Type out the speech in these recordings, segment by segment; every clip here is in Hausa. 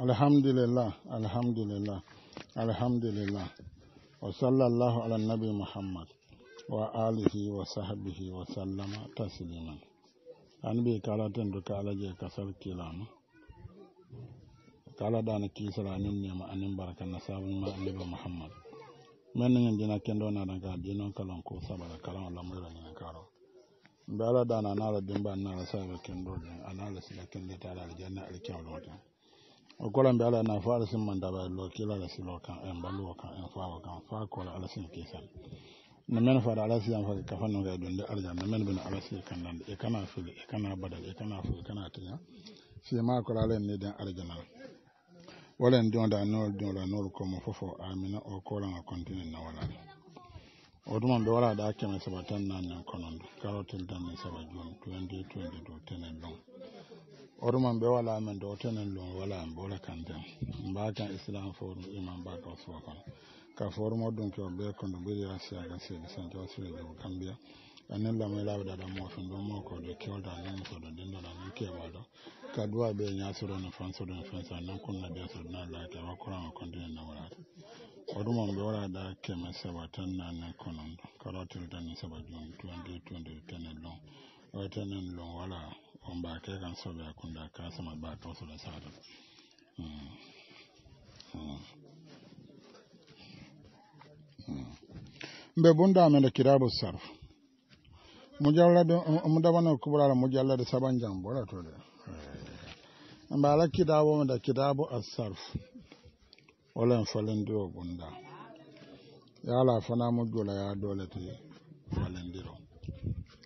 alhamdulillah alhamdulillah alhamdulillah wa sallallahu ala nabi muhammad wa alihi wa sahbihi wa sallama tasliman an ɓe kalaten do kala je kasal kilama kala ɗana kisala anin nema anin baraka muhammad men ngin dina kendo na daga dino kalon ko sabara kalon lamura ngin karo mbala dana nala kendo aljanna o kolan be ala na fa ala sin mandaba lo kila ala silo kan en baluwo kan en wa kan fa kola ala sin kisan no men faada ala siyan fa ka fanno ga dunde arja no men bena ala sin kan nan e kana fili e kana badal e kana fili e kana tinya si ma kola le ne den arja nan walan da nol jonda nol ko mo fofo amina o kola a kontinu na wala oɗuman ɓe wara ɗa keme saba tan nanen konon karotil tan e saba joni 2022 tenen don. orman ɓe wala men do tenen lum wala en ɓoole kanten mbaten islam forum iman mbaka fo kon ka forumo ɗum ke o ɓe kondo ɓiriya siyaga seedi santi o sirejebo kambiya anen lamay lawɗa ɗa mofin da mo ko ɗo kewɗa nen ko ɗo dinɗoɗa ba keɓaɗo ka duwa ɓe ñasiro no fansuɗo no fensa nan kunna desoɗna lake wa kurama continue nawrata oɗumon ɓe waɗaɗa keme saba tan nanen konon karotiltani saba jum tuwandi tuwandi tenen don. waytenin lon wala on ba ke kan soɓe kun kunda ka sama ba mba tosuɗo saɗa mbe da kirabu sarf kubura da mujalla da saban jam ɓola eh. mbala mbe ala kitabomeda kitabu assarf falen do bunda yala fana mujjula ya dole te diro.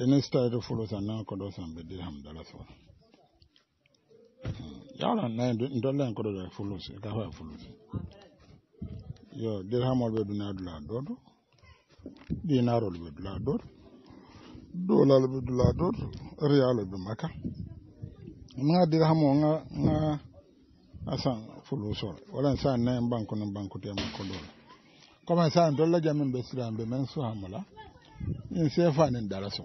ene stade fulo sannan ko do sambe dirham dala so yala na ndolle ko do da fulo se ka fa fulo se yo dirhamol ɓe duna dula doto dinarol ɓe dula doto dolal ɓe dula doto riyalo ɓe makka ga dirhamo ga ga asan fulusol walan sa nayi banque no banquete makko dola comme sa dolla jamin ɓe silan ɓe men suhamola min sefanin dara so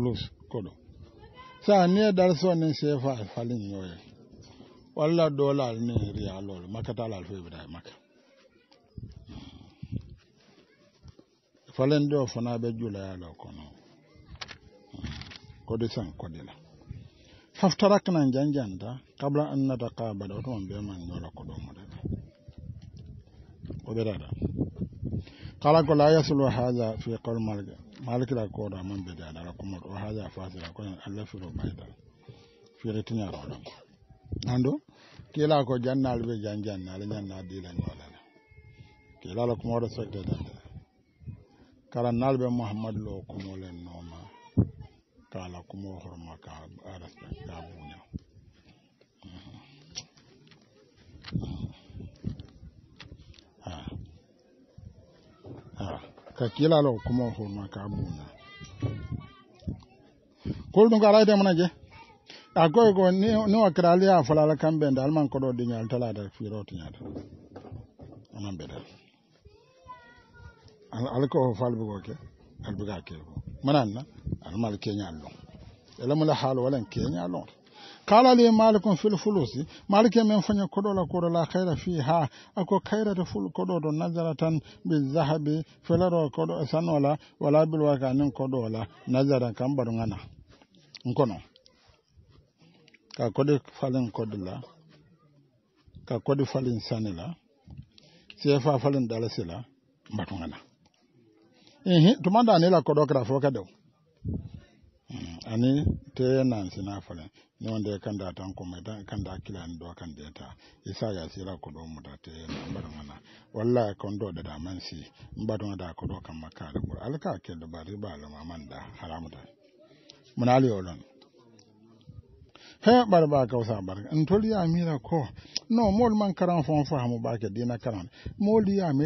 plus koɗo sa nie darsoni sefa e falinyoye walla dolal ni rialol makatalal febeda maka falen ɗo fana ɓe julayalo kono kodi san kodina faftarakna janjanta kabla annata kabada otoon be mangola koɗo moɗen koɓe dada kala ko la yaslu haha fi qol malga maalikila kooɗo amaŋ be jaada la kumoto o haaja faasira koñ alla firo ɓayta fire tiñarona ko nando kiila ko jannaali ɓe jan jannaali ñanna diila ñoolene kiila la kumoto sotte dante karannaali ɓe mouhamadou loo kumolen nooma ka la kumo horma ka a respect ka buña a a ka kilalo kumo hurma ka buna kulu ngo alaide mona je a goy go ni no akrali a falala kambe ndal man ko do dinyal tala da firoti nyada anan beda al alko fal bugo ke al buga ke mona na al mal kenya lo elamu la hal walan kenya lo kala li malikum fil fulusi malike men fanya kodola kodola khaira fiha ako khaira ful kododo nazaratan zahabi kodo sanola wala bil wakanin kodola nkono ka kodi falin kodula ka kodi falin sanila sefa falin dalasila ehe tumanda anila ani te sina fana ni wanda ya ta tan mai ta, da kila ni do kan isa ya sira ko do mu da te na bar mana walla kon do da daman si mbadon da ko kan maka da qur'an ke da bari ba la da haramu da munali olon ha bar ba kawsa barka n tol yamira ko no mol man karan fon ba ka dina karan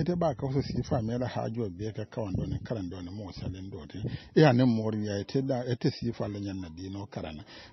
te ba ka kawsa si famira haajo be ka kawan ɗone karan ɗone mo salen e ne yanen ya yaye da ete si falla ñanna dino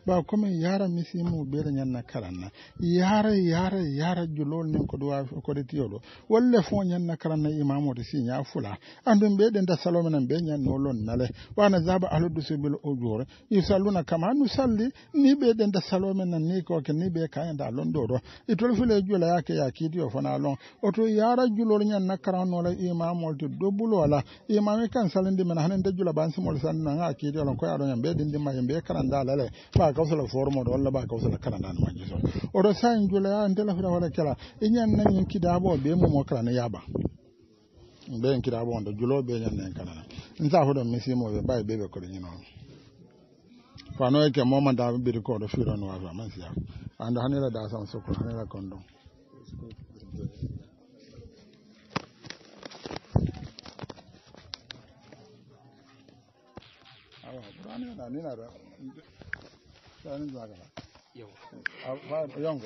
ba ko komin yara misimu ɓeɗa karan na yara yara yara julol ne ko ɗuwa kode tiyoɗo walle fo na karanna de si nya fula andum ɓeɗe be salomenan no lon nale wana zaba aludusubil ujur yusalluna kama nusalli ni de da salo min nan ni ke ni be kayen da lon do itol fule jula yake ya kidiyo fana lon oto e yara julor nyen e e na karan no la imamol to dobulo wala imami kan salindi men hanen de jula ban simol san na nga kidiyo lon ko yaro nyen be dindi ma be karan da lale ba kawsala formo do walla ba kawsala karan da ma jiso oto san jula ya ndela fira wala kala inyan nan yin kidabo be mo mo karan yaba be en kidabo on do julo be nyan nan kanan nsa hodo misimo be bay be be ko nyino fano yake e moma da bi ko do firo no wa man siya anda hanira da san sokko hanira kondo awa burani na ni na da sani zagara yau yongo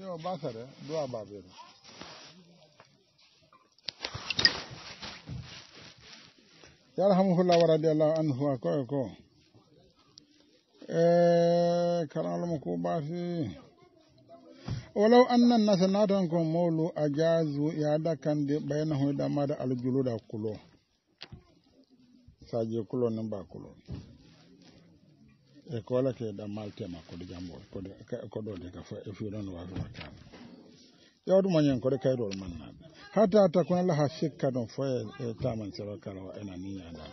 yau ba sare duwa ba bero yarhamuhullah wa radiyallahu anhu akoyo ko e eh, kalalmo ko bafi walaw anna nasa natan ko mawlu a jazu ya jasu yaada kandi ɓayna hoyda aljulu da kulo saji kulo ne mba kulo e ko wala ke ɗammal tema koɗo jambo koɗo de ka fo e fiɗon wafima kana yawdu mo nyen ko de kay dol man nan hata ata ko eh, la ha sikka don fo e taman sero kala ena ni ya da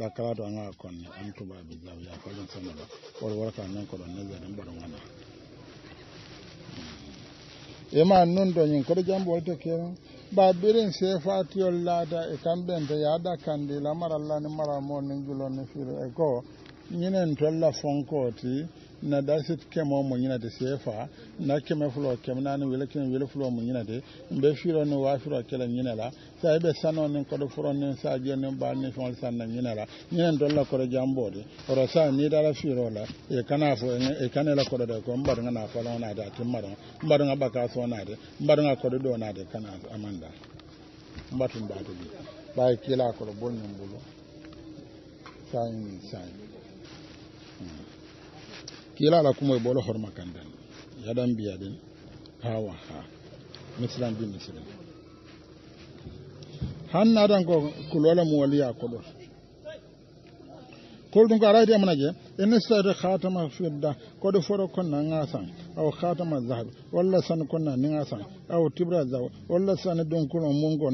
la kala do nga kon ni am tuba bi ya ya ko don sama do wor wor ka nan ko don ne ya dum bodo ngana hmm. e ma non do nyen ko de jambo to kero ba birin se fati yol la da e kambe nda ya da kandi la mara la ni mara mo ni julon ni firo e ko nyinen tolla fonkoti na da su kemo mo nyina de sefa na keme fulo kem na ni wele keme wele fulo mo nyina de mbe firo no wa firo kala nyina la sa be sano ni ko do furo ni sa je ni ba ni fon san na nyina la nyina do la ko do jambode oro sa ni da la firo la e kana fo e kana la ko do ko mbar na fa la na da tim maro mbar na baka so na de mbar na ko do do na de kana amanda mbatun ba to bi ba la ko bol nyambulo sai sai kilala kumoye bolo horma kanden yaɗan hawa ha bi han ko kulola mu waliya koɗol kol ɗum ko ara idiyamana je ene sitade fidda koɗo foro konna ga san aw hatama san aw tibra zaw mungo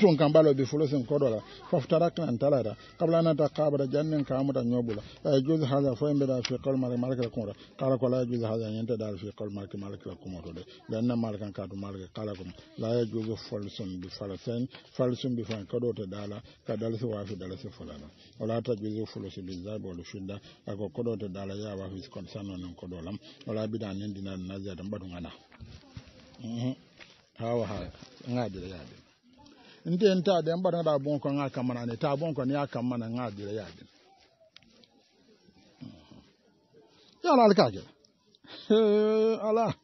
ton kam ɓalo ɓe fulosen koɗola faf tarakna n talata kablanata kabata jannen kamuta ñobula ay e, jusi haga fo embeɗa fekol malk malke la kumota kala ko laya jusi haga ñente dal fekol malke malke la kumoto de lenna malkan kaatu malke kala kom laya jusi folsum ɓi fala sen falsum ɓi fan koɗote dala ka dalasi wafi dalasi fulana olata jusi fulosi ɓi zabolu fidda ako koɗote dala ya wafi kon sannonen koɗolam ola ɓida nendinan nasiyatan ɓatu gana mhm. hawa ha ngadi ɗa yadi nte nta de mbara da bon ko ta bon ko ne aka mana nga dire ya hmm. ya ala ala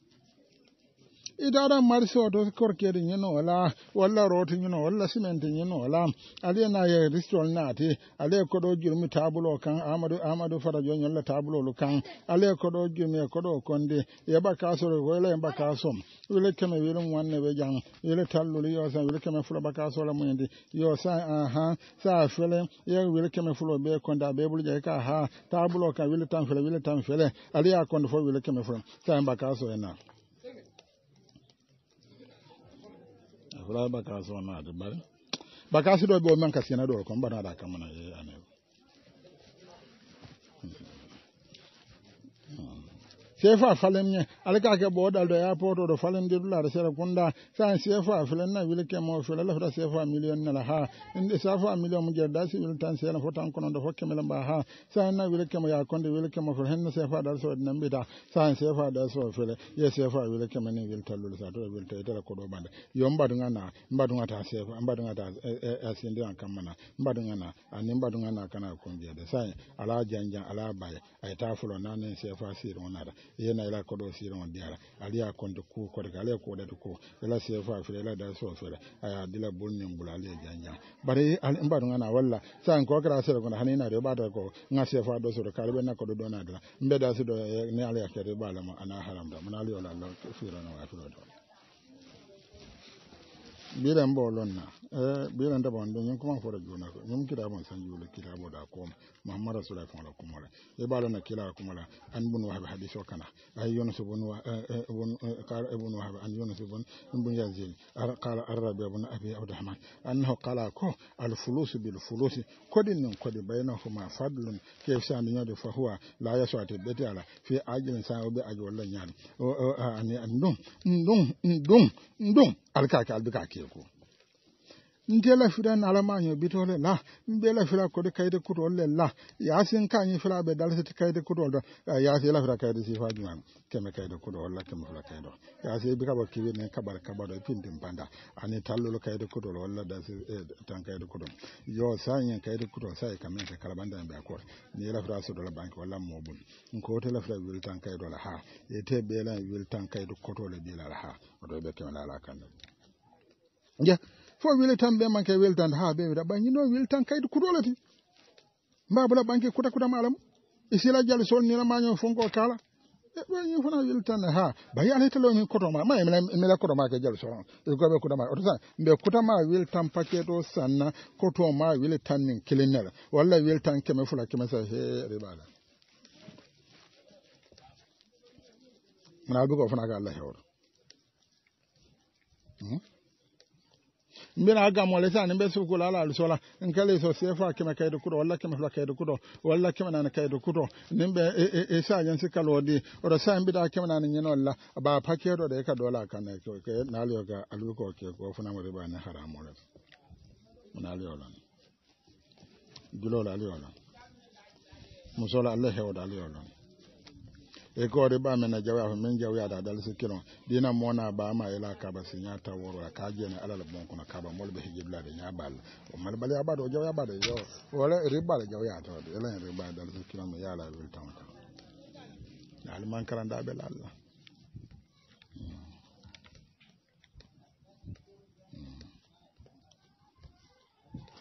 idara marsi oto korkede ñino wala walla rooti ñino walla simenti ñino wala aliye na ye ristol naati aliye koɗo jurmi tabulo kan amadou amadou faradio ñolla tabulolu kan aliye koɗo jurmi e koɗo konde yeɓa kasoro wala yeɓa kasom wile keme wile wanne ɓe jang wile tallulu yo san wile keme fulo ɓa kasola muñedi yo san aha sa fele ye wile keme fulo ɓe konde a ɓe ɓulje ka ha tabulo kan wile tan fele wile tan fele aliya konde fo wile keme fulo sa yeɓa kaso e wala ba ka so na ba ka si do be o man ka na da ye ane sefa falemñe alaka ke ɓooɗalɗo yapotoɗo da sera kunda san sefa falen na wili kemo fila lafta sefa million la ha inde sefa million mu jerda si wili tan sena fo tan da fo kemele mba ha san na wili kemo yakonde wili kemo fil henno sefa dal so ɗina mbita san sefa dal so file ye sefa wili kemo ni wili tallule sa toɗo wili ko do bande yo mbaɗuga na mbaɗuga ta sefa mbaɗuga ta e, e, e, asindi an kammana mbaɗuga na ani mbaɗuga na kana kumbiyede sa ala janjan ala baye ay ta fulo ne sefa sir da yana ila kodo siron diara ali ya konde ku ko daga ali ko da ko ila se fa fere ila da so fere aya dila bonnin bula ali janya bare al in ba dun ana walla san ko kra sere ko hanina de ba da ko nga se fa do so ka le na kodo dona da mbe da su do eh, ne ali ya kere ba la ma ana haram da mun ali wala Allah firan wa firan bidan bolon na da bandon yin kuma fora juna ko yin kira ban san jula kira bo da ko muhammad sura kuma da kuma e da ya ba na kila kuma da an bunu wa hadisi eh, wa eh, eh, kana ay yunus ibn wa ibn qala ibn wahab an yunus ibn ibn yazid qala arabi ibn abi abdurrahman annahu qala ko al fulus bil fulus kodin nan kodi bainahuma fadlun ke shan dunya da fahuwa la yasu ta betala fi ajin sa obi aji wallan yani ani andum ndum ndum ndum alkaka alduka ke ko ndela fira na alama nyo bitole la mbela fira ko de kayde kuto le la yasin ka nyi fira be dalse te kayde kuto do yasin la fira kayde si faju nan keme kayde kuto la keme fira kayde yasin bi ka ba kiwe ne kabar kabar do pindim panda ani tallo kayde kuto wala da eh, tan kayde kuto yo sa nyi kayde kuto sa e kamen te kala banda be akor ni la fira so do la banki wala mobun ko te la fira wili tan kaydo la ha e te be la wil tan kaydo kuto le bi la ha do be keme la la kan ja yeah. fo wilitan ɓe manke wildan ha ɓe wiɗa ɓan hino wiltan kayde kuɗolati mbabula ɓanke kuta kudam alamu e sila jal solniramañon fonko kala ɓañi fana wiltan ha bayi alaytalo min kotoma ma mila kotoma ke jal solon goɓe kutama oto sa mbe kutama wiltan paquet o sanna kotoma wiltan nin kilinnela walla wiltan keme fula keme sa he ribala. mona albugo fana ka allah hewro hmm? mbira gamole sani mbe sukula ala alisola nkele so sefa keme kaydo kudo wala keme fula kaydo kudo wala keme nana kaydo kudo nimbe e, e, e sa yansi kalodi odo sa mbida keme nana nyinolla ba pakedo de ka dola kana ke nalo ga aluko ke ko funa mo riba na haramo le munali olan dulola ali olan musola alle hewda ali olan e kore mona ba ma ila ka ba sinya ta woro ka je na alal ka ba mol be hijibla de nya bal o riba da jawa ta de ila riba dal yala wil ta man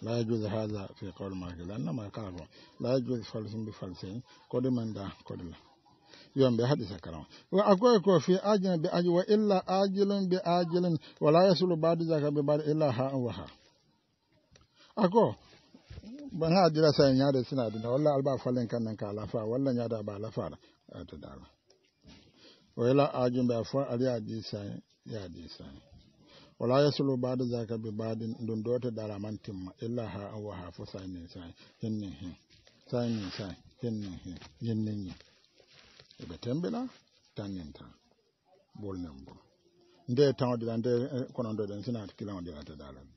لا يجوز هذا في قول لا يجوز فلس بفلسين قد من دا قد لا yombe haɗisa karam wa akoye kofi fi ajina bi aji wa illa ajilun bi ajilin wala yasulu badu zaka bi badu illa ha an wa ako ban ha jira sai nyaade sina dina walla alba falen kan ka lafa walla nyaada ba lafa to dala wa illa ajin ba fa ali aji sai ya aji sai wala yasulu badu zaka bi badin dun dota dara man timma illa ha an wa fa sai ne sai hinnin hin sai ne sai hinnin hin hinnin hin eɓe tembela tanninta bolnen bo nde tawdira nde eh, kono ndoɗen sina hakkillanodira te dalal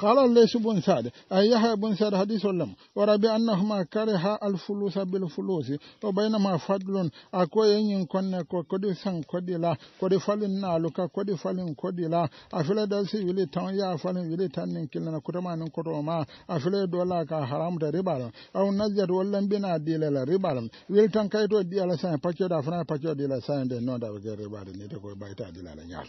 قال الليث بن سعد أي يحيى بن سعد حديث لم وربي أنهما كره الفلوس بالفلوس وبينما فضل أكو ين كن كودي سان كودي لا كودي فالين نالوكا كودي فالين كودي لا أفلا دلسي يلي تان يا فالين يلي تان نكيلنا كرما نكرو ما أفلا دولا كا حرام ربا أو نجد ولن بنا ديلا ربا ويل تان كايتو ديلا سان باكيو دا فنا باكيو ديلا سان دي نو دا ربا ني تكو بايتا ديلا نيال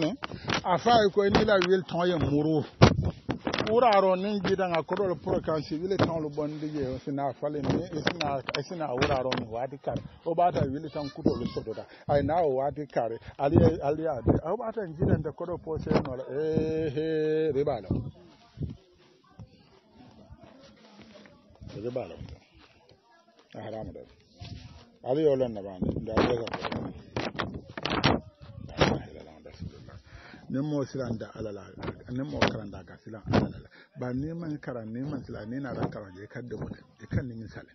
mene afa ko ni la wil ton muru wuraro nin gidan a kodol prokan si wili lu fale ni e e wuraro ni wadi o ai na o wadi ali ali o gidan da kodol no eh he eh, ribalo ribalo da ali na da ga nin mo da alala nin mo da ga silan alala ba neman karan neman sila ne na ran karan je kan da mutum je kan ni misali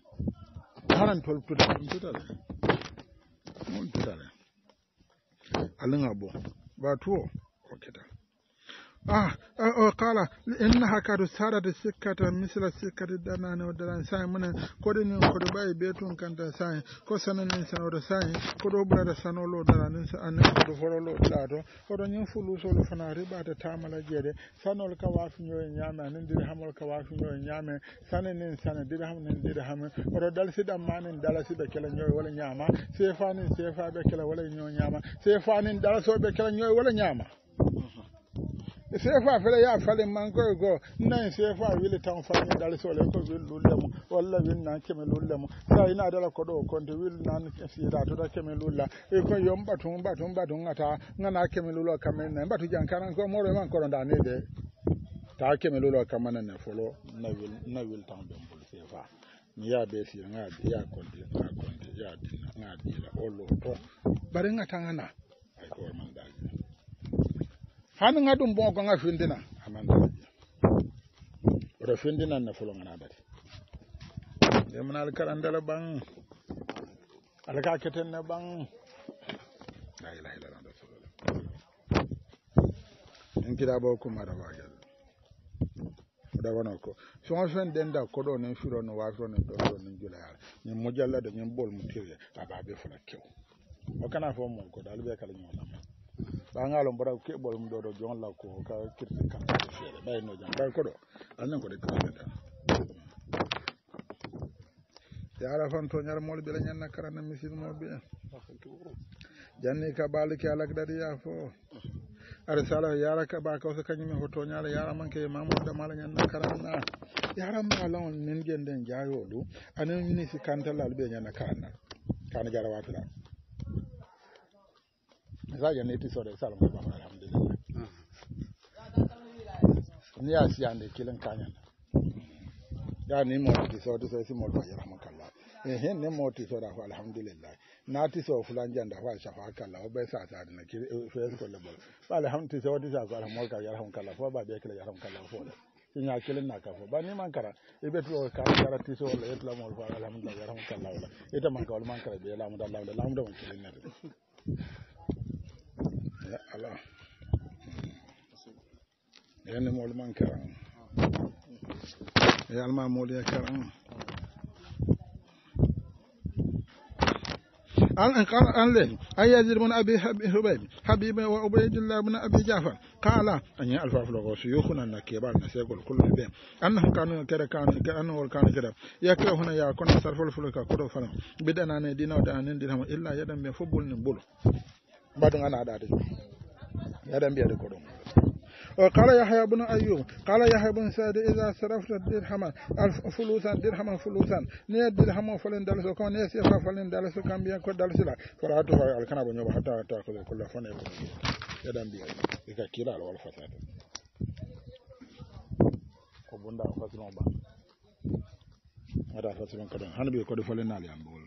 haran tol tuta tuta mun tuta alin abu ba tuwo ko kita Ah, oh, kala oh, ina haka da da kadu sarata sikkata misla sikkati danane o daran sai munen koɗo nin koɗo ɓawi be tun kanta sai ko sananin sanoto sai koɗo ɓurata sanolo daranin anin koɗo forolo ɗato fulu so fulusolo fana riba da ta tamala jeede sanar ka wafi ñoye ñaame anin diri hamol ka wafi ñoye ñaame sane nin sane diri ham nin diri hame oɗo dalsiɗan ma nin da kela ñoye wala nyama sai fanin sai fa sefaɓe kela wala ño ñaama sefanin dalasoɓe kela ñoye wala nyama. sefa fere ya falin man koy e go nan e sefa wili tan fani e dar sole ko wil lullemu walla win nan keme lullemu sa ina dala ko do konde wil nan da to da keme lulla e ko yom batun batun batun ata ngana keme lulla kame nan batu jankaran ko more man koron da ne de ta keme lulla kama nan folo na wil na wil tan be mbul sefa mi ya be sira nga ya konde nga konde ya dinna nga dira o lo to bare nga tangana ay ko man hamin adum bon gonga findina amanda da findina na fulo ngana bari de mun al karandala ban al ka keten na ban la ilaha illallah in kida ba kuma da ba da wona ko soon fen ɗenda ne nen firo no wafiro nen ɗo ɗo nen julayare min mojallade da ɓol bol tiri a baabe fula kew o kana fo mon koɗo alaɓe kala sangalo mbora ke bol mum do do jon la ko ka kirti ka bay no jam bay ko do anan ko de kirti yara fan to nyar mol be la nyanna karana misil mo be janni ka baliki alak dadi ya fo ara sala yara ka ba ka kanyum ko to nyara yara man ke mamu da mala nyanna karana yara ma lawon min genden jayo do anan ni si kantal albe nyanna karana kan jarawatla sadio ne tisore sala mo ba alhamdulillah ni ya si ande kilen kanya ya ni mo ti so ti so si mo to yara makalla eh hen mo ti so da alhamdulillah na ti so fulan janda fa shafa kala o bai sa sa na ki eh, fe ko le bol fa alhamdulillah so ti sa sa mo ka yara hon kala fo ba be kala yara hon kala fo da in ya kilin na kafa ba ni man kara ibe tulo ka kara ti so le itla mo fa alhamdulillah yara hon kala wala ita man ka wal man kara be la mu da la mu da man kilin na da Allah da yanni mauliman karan abi jafar qala an ya alfafu lagu su na ke ba na sai gol kullu be an han kanu ya ke huna ya kona sarful fulka kudo dina da anin illa yadan me fubul ni بدن أنا أداري هذا بيد كرم وقال يحيى بن أيوب قال يا يحيى بن سعد إذا صرفت درهما فلوسا درهما فلوسا نيا درهما فلن دلس وكما نيا سيفا فلن دلس كم بيان كو دلس لا فلا تفعل على كنا بنيوب حتى تأخذ كل فن يدن بيد إذا كلا على الفساد دا فسلون با هذا فسلون كدن هنبي كدن فلن نالي أمبول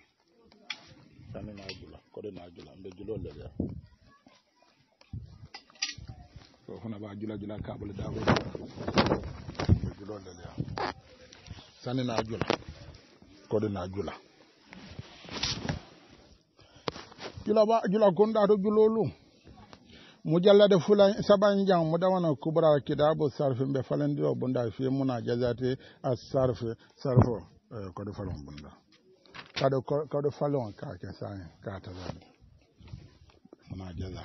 ما نالي o n'a jula n bɛ le la o fana b'a jula jula k'a bolo da o de le la sanni n'a jula ko de n'a jula jula ba jula ko n da to julolu mujallade saban jan mu dawana kubra kitabu sarfin be falendiro bunda fi muna jazate as sarf sarfo eh, ko de falon bunda kaɗo kaɗo falon kake sane katalani ma jaza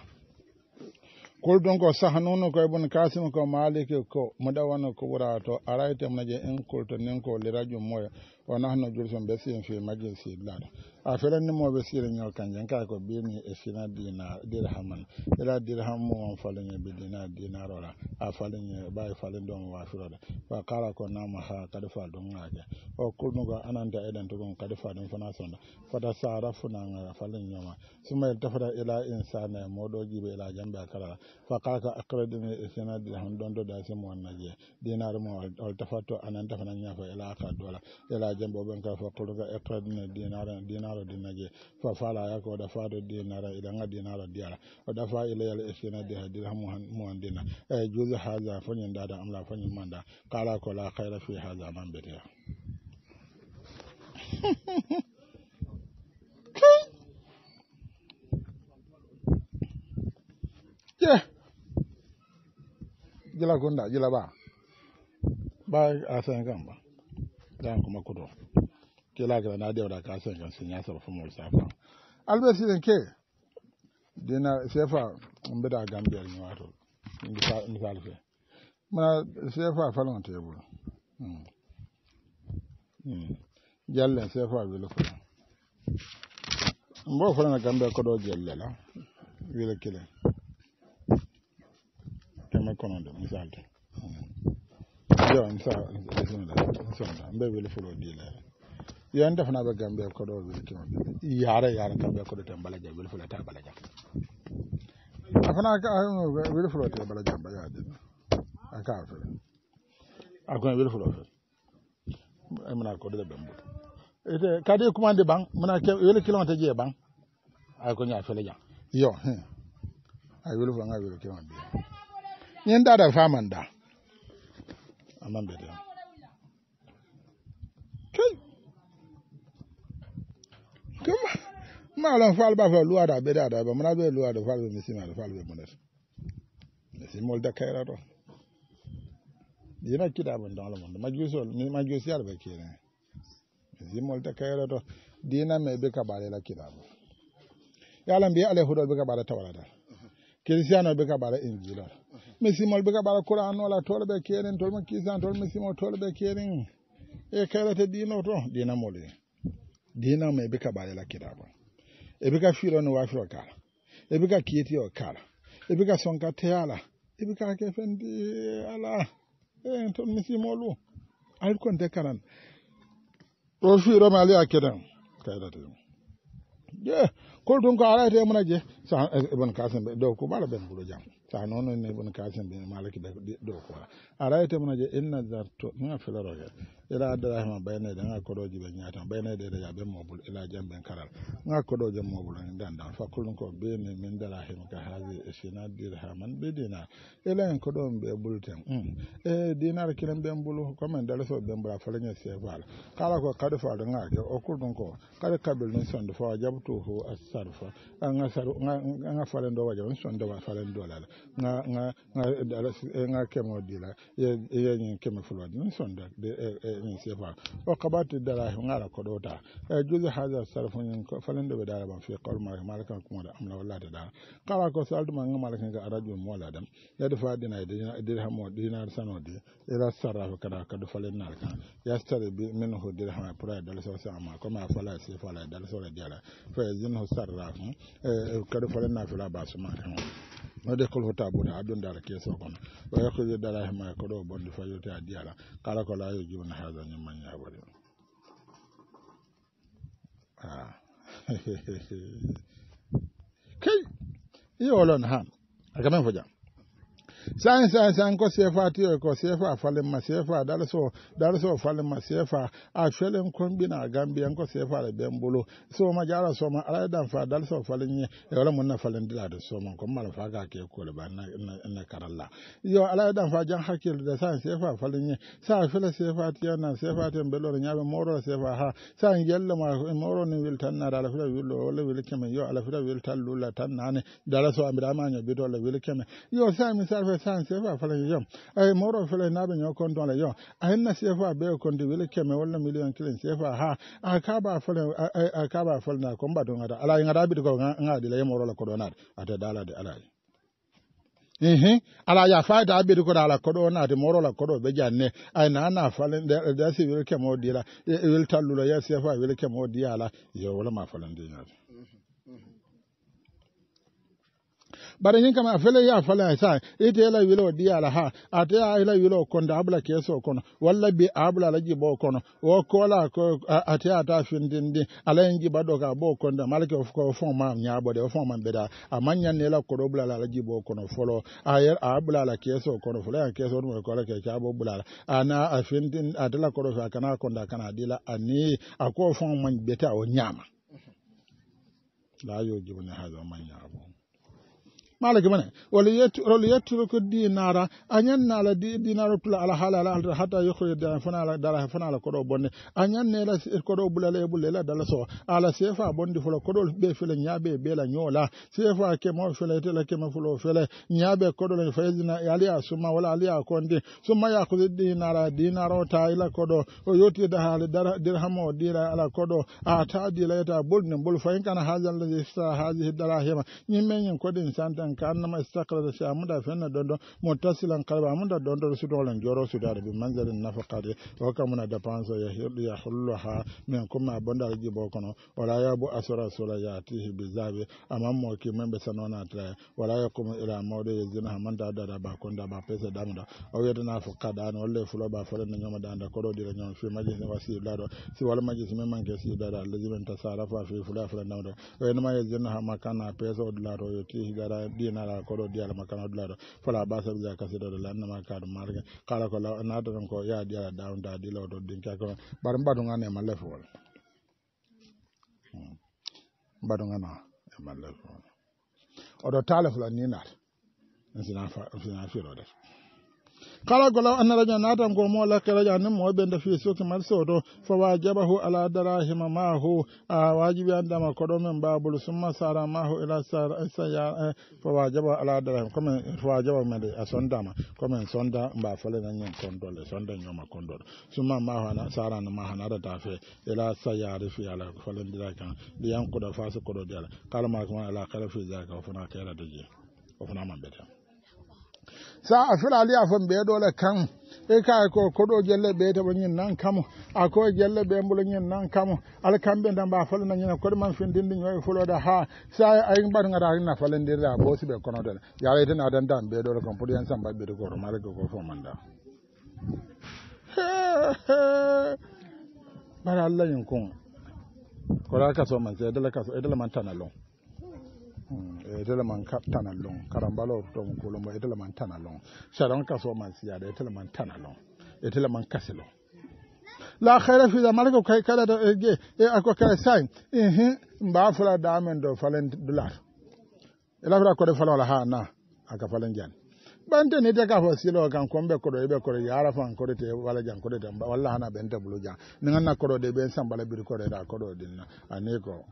kol ɗon ko saha nono ko ibun kasim ko maliki ko mo ɗawano ko ɓura to arayte mnaje in kol to nin ko liraju moya wona hono julson ɓe siyen fi majjel siidlaade a ferannimoɓe siira ñoo kanjen kay ko mbimi e sina dinar dirhaman ila wani mumon faliñe bi dinar dinar ola a faliñe ɓawi falindom wafirode wa kala ko nama ha kadi fa ɗum ŋaake o kurnugo ananta eɗen tugon kadi fa ɗum fana sonda fata sara funaga faliñoma sumayel tafata ila insana ya moɗo jiɓe ila jambe a kalala fa kala ko accredine e sina dirham ɗon ɗo da simon naje dinar mo ol tafatto anan tafana ñafa ila aka dola ila jembo ɓen ka fattude ka ettadine dinara dinara dinnaje fa fala dinara dinara o esina amla manda kala ko la fi man jila gunda jila ba ba a sen kam ba dan kuma kudu ke lagara na da kasan ya sarfi mai safa ke dina sefa bi da gambiyar wato mana sefa falon jalle hmm. hmm. sefa wilo mbo jalle la wilo kile kama kono misali hmm. yo sonta mbe wele fulo dile yonde fana ɓe gam ɓe koɗo wele kima yara yara kam ɓe koɗo ten balaja wele fulo ta balaja a fana wele fulo te balaja mbayaade uh, hmm. a kaa fe a koye wele fulo fe mina koɗoɗe ɓen mbuto ete kadi e commande ɓan mina wele kilonte jee ɓan ay ko ña fele jam yo ay wele fulo nga wele kilon mbiya ñin dada faman da aman Kuma ma lan fal ba fa luwa da be da da ba luwa da fal be misima da fal be munas misimol da kaira to dina kida ban don lamon da majuso mi majusi arba kenan misimol da kaira to dina me be ka bare la kida ba bi ale hudol be ka bare tawala kirisiano be ka bara injilol misimol be ka bara kuranola tol be keren tol ma kisan tol misimol tol be keren e to dina ma be ba yela kida ba be ka firo no wafiro kala e kiyeti o kala e sonka teala e ke fendi ala e to misi misimolu ay konte karan ɗo fiiroma ali akkeɗen kayrata ɗum je kol ɗum ko arate mona je sa ibn kasim be do ko ɓala ben bulo jam sa nono ne ibn kasim ɓe malaki be do ko wala arate mona je inna zarto mina filorohe ila adarahima baynede ga koɗoji ɓe ñaatan baynede ɗe yaɓe mobol ila jam ɓen karal ga koɗoje mobol en dandan fakkulum ko beni min darahima ka haali e sina dirhaman ɓe dina ila en koɗon ɓe ɓulten mm. e eh, dinar kilen ɓen ɓulu commen daleso ɓen ɓura falañe sefal kala ko kadi faade gake o kurɗum ko kadi kabil ɗum sonde fo a jabtuhu a sarfa ga sar ga falendo waja on sonde wa falendolala ga ga ga eh, kemo dila yeñin keme fulwadi ɗum sonde min sifa o kabatu darahi ngara ko dota e juzu hada sarfu nyin ko falande be dara ban fi qawl ma malaka kuma da amna walla da dara kala ko saldu man ngam malaka ga arajul mola dam ya dafa dina dina dirham mo dina sano de ila sarrafa kada kada falen nar kan ya stare bi min minhu dirham ma pura dal so sa ma kuma fala sefa la dal so la dala fa zinhu sarrafa hmm? e, e, kada falen na fila basuma kan no de kol hota buda adon dara keso kon wa yakhudhu darahima ko do bondi fayote adiyala kala ko la yujuna hada nyamma nyawari ah kai iyo lon ha aga men san san san ko sefa tiyo e ko sefa fale ma sefa dalso dalso fale ma sefa a ko kombina gambia ko sefa da ben bolo so ma jara so ma ala dan fa so fale ni e wala mun na fale ndila da so ma ko mala fa ga ke ko ba na na karalla yo ala dan fa jan hakil da san sefa fale ni sa fela sefa ti na sefa tiyo belo nyabe moro sefa ha san yalla ma moro ni wil tan na ala fela lo wala wil keme yo ala fela wil tan lula tan dal so amira ma nya bito ala wil keme yo sa mi sarfa e san sefa fala yo ay moro fala na be nyo kon don la yo ay na sefa be kon de wele keme wala million kilen sefa ha akaba fala akaba fala na kon ba don ada ala ngada bi ko ngadi la moro la ko ada ata dala de ala Mhm ala ya fa da abiri ko ala ko na de moro la do be janne ay na na falen de da si wil ke mo dira e, e, wil tallulo ya si fa wil ke mo diala yo wala ma falen de nyaa bara nyin kama fele ya fala sa ite la wilo diya la ha ate ya la wilo konda abla keso kono walla bi abla la jibo kono wo kola ko ate ata findindi ala nji bado ka bo konda malike of ko fon ma nya bode fon ma beda amanya ne la kodo bla la jibo kono folo ayer abla la keso kono fola ya keso no kola ke cha bo bla ana afindin ate la kodo ka kana konda kana dila ani ako fon man beta o nyama mhm. la yo jibune hazo manya abu maalaki mane walla yettrolla yettiro ko dinara a ñannala dinaro tula ala haala ala alta hatta yokkoye fonala dala he fonala koɗo bonde a ñannela koɗo ɓulala e ɓullela dala soo ala sefa bonde fula koɗol ɓe fele ñaaɓe ɓeela ñoola sefa kemo fele tela keme fulo fele ñaaɓe koɗol e fayidina e aliya summa walla aliya konde summa yakude dinara dinaro ta ila koɗo o yottidahaale e dirhamo dira ala koɗo a ta dila yeta bolne bol fayin kana haajanla sa haaji dala hema ñimmeñin koɗin santan en ka annama istakrada si a fenna ɗon muttasilan kalba amuda ɗon ɗon suɗolen joro suɗade ɓe manjarin nafakade o kamuna dépense yahullu ha min kuma bondar jibo kono wala yabu asora sola yatihi bisabe amam moki memɓe sanonatira wala yakkumu ila mawɗo yesdina ha da dada ba konda ba pese damda o wiyatana fo kaɗano walla fulo ba folene ñoma danda koɗo ɗira ñom fi majlis wa si wala majlis min manke siɗaɗa allaji men tasarafa fi fula fula damda o yenoma yesdina ha makana pesa o dulato yo tihi gara dinara koɗo diyala makana dulaɗo fola ɓasel ga kasiɗoɗo lannama kaɗum margue kala ko nataton ko ya diyala dawnta dilawo to dinka kono ɓaɗum ɓaɗugana ema lefowol ɓaɗugana hmm. ema lefowol oɗo tale fula ninata sina firoɗet kala gola an raja na tan go mo la kala nin mo be nda fi soki mar soto fa wajabahu ala darahima mahu a wajibi an dama ko do men babul summa sara ma hu ila sara asaya eh, fa wajaba ala darahim ko men fa wajaba men a sondama comme sonda mba falena ñen kondole sonda ñoma kondole summa ma mahu ana sarana mahu da ta fe ila ri fi ala dira kan ko fa su ko do diala kala ma ko ala kala fi zaka jaka o fana kera deje o fana man ɓeten sa a fira ali a fon be dole kan e ka ko ko do gelle be to bonin nan kamo a ko gelle be mbulo nyen nan kamo al kambe ndam ba fal nan nyina ko man fin dindi nyoy fulo da ha sa ay ngbar ngara na fal ndirra bo sibe kono dole ya re tan adan dan be dole kon podi en samba be ko ro mare ko fo manda bara allah yin kun ko ra ka so man sai e dole ka so dole man tanalo etele man tana long karambalo to kolombo etele man tana long sharon kaso man siya da etele man tana long etele man kaselo la khaira fi da malaka kai kala da e akwa kala sai eh mba fula da men do falen dollar ela fura ko de fala ha na aka falen jan bante ne daga fa silo kan kombe kodo ibe kodo yara fan kodo te wala jan kodo te wala hana bente bulu jan ninga na kodo de ben san bala bir kodo da kodo na aniko.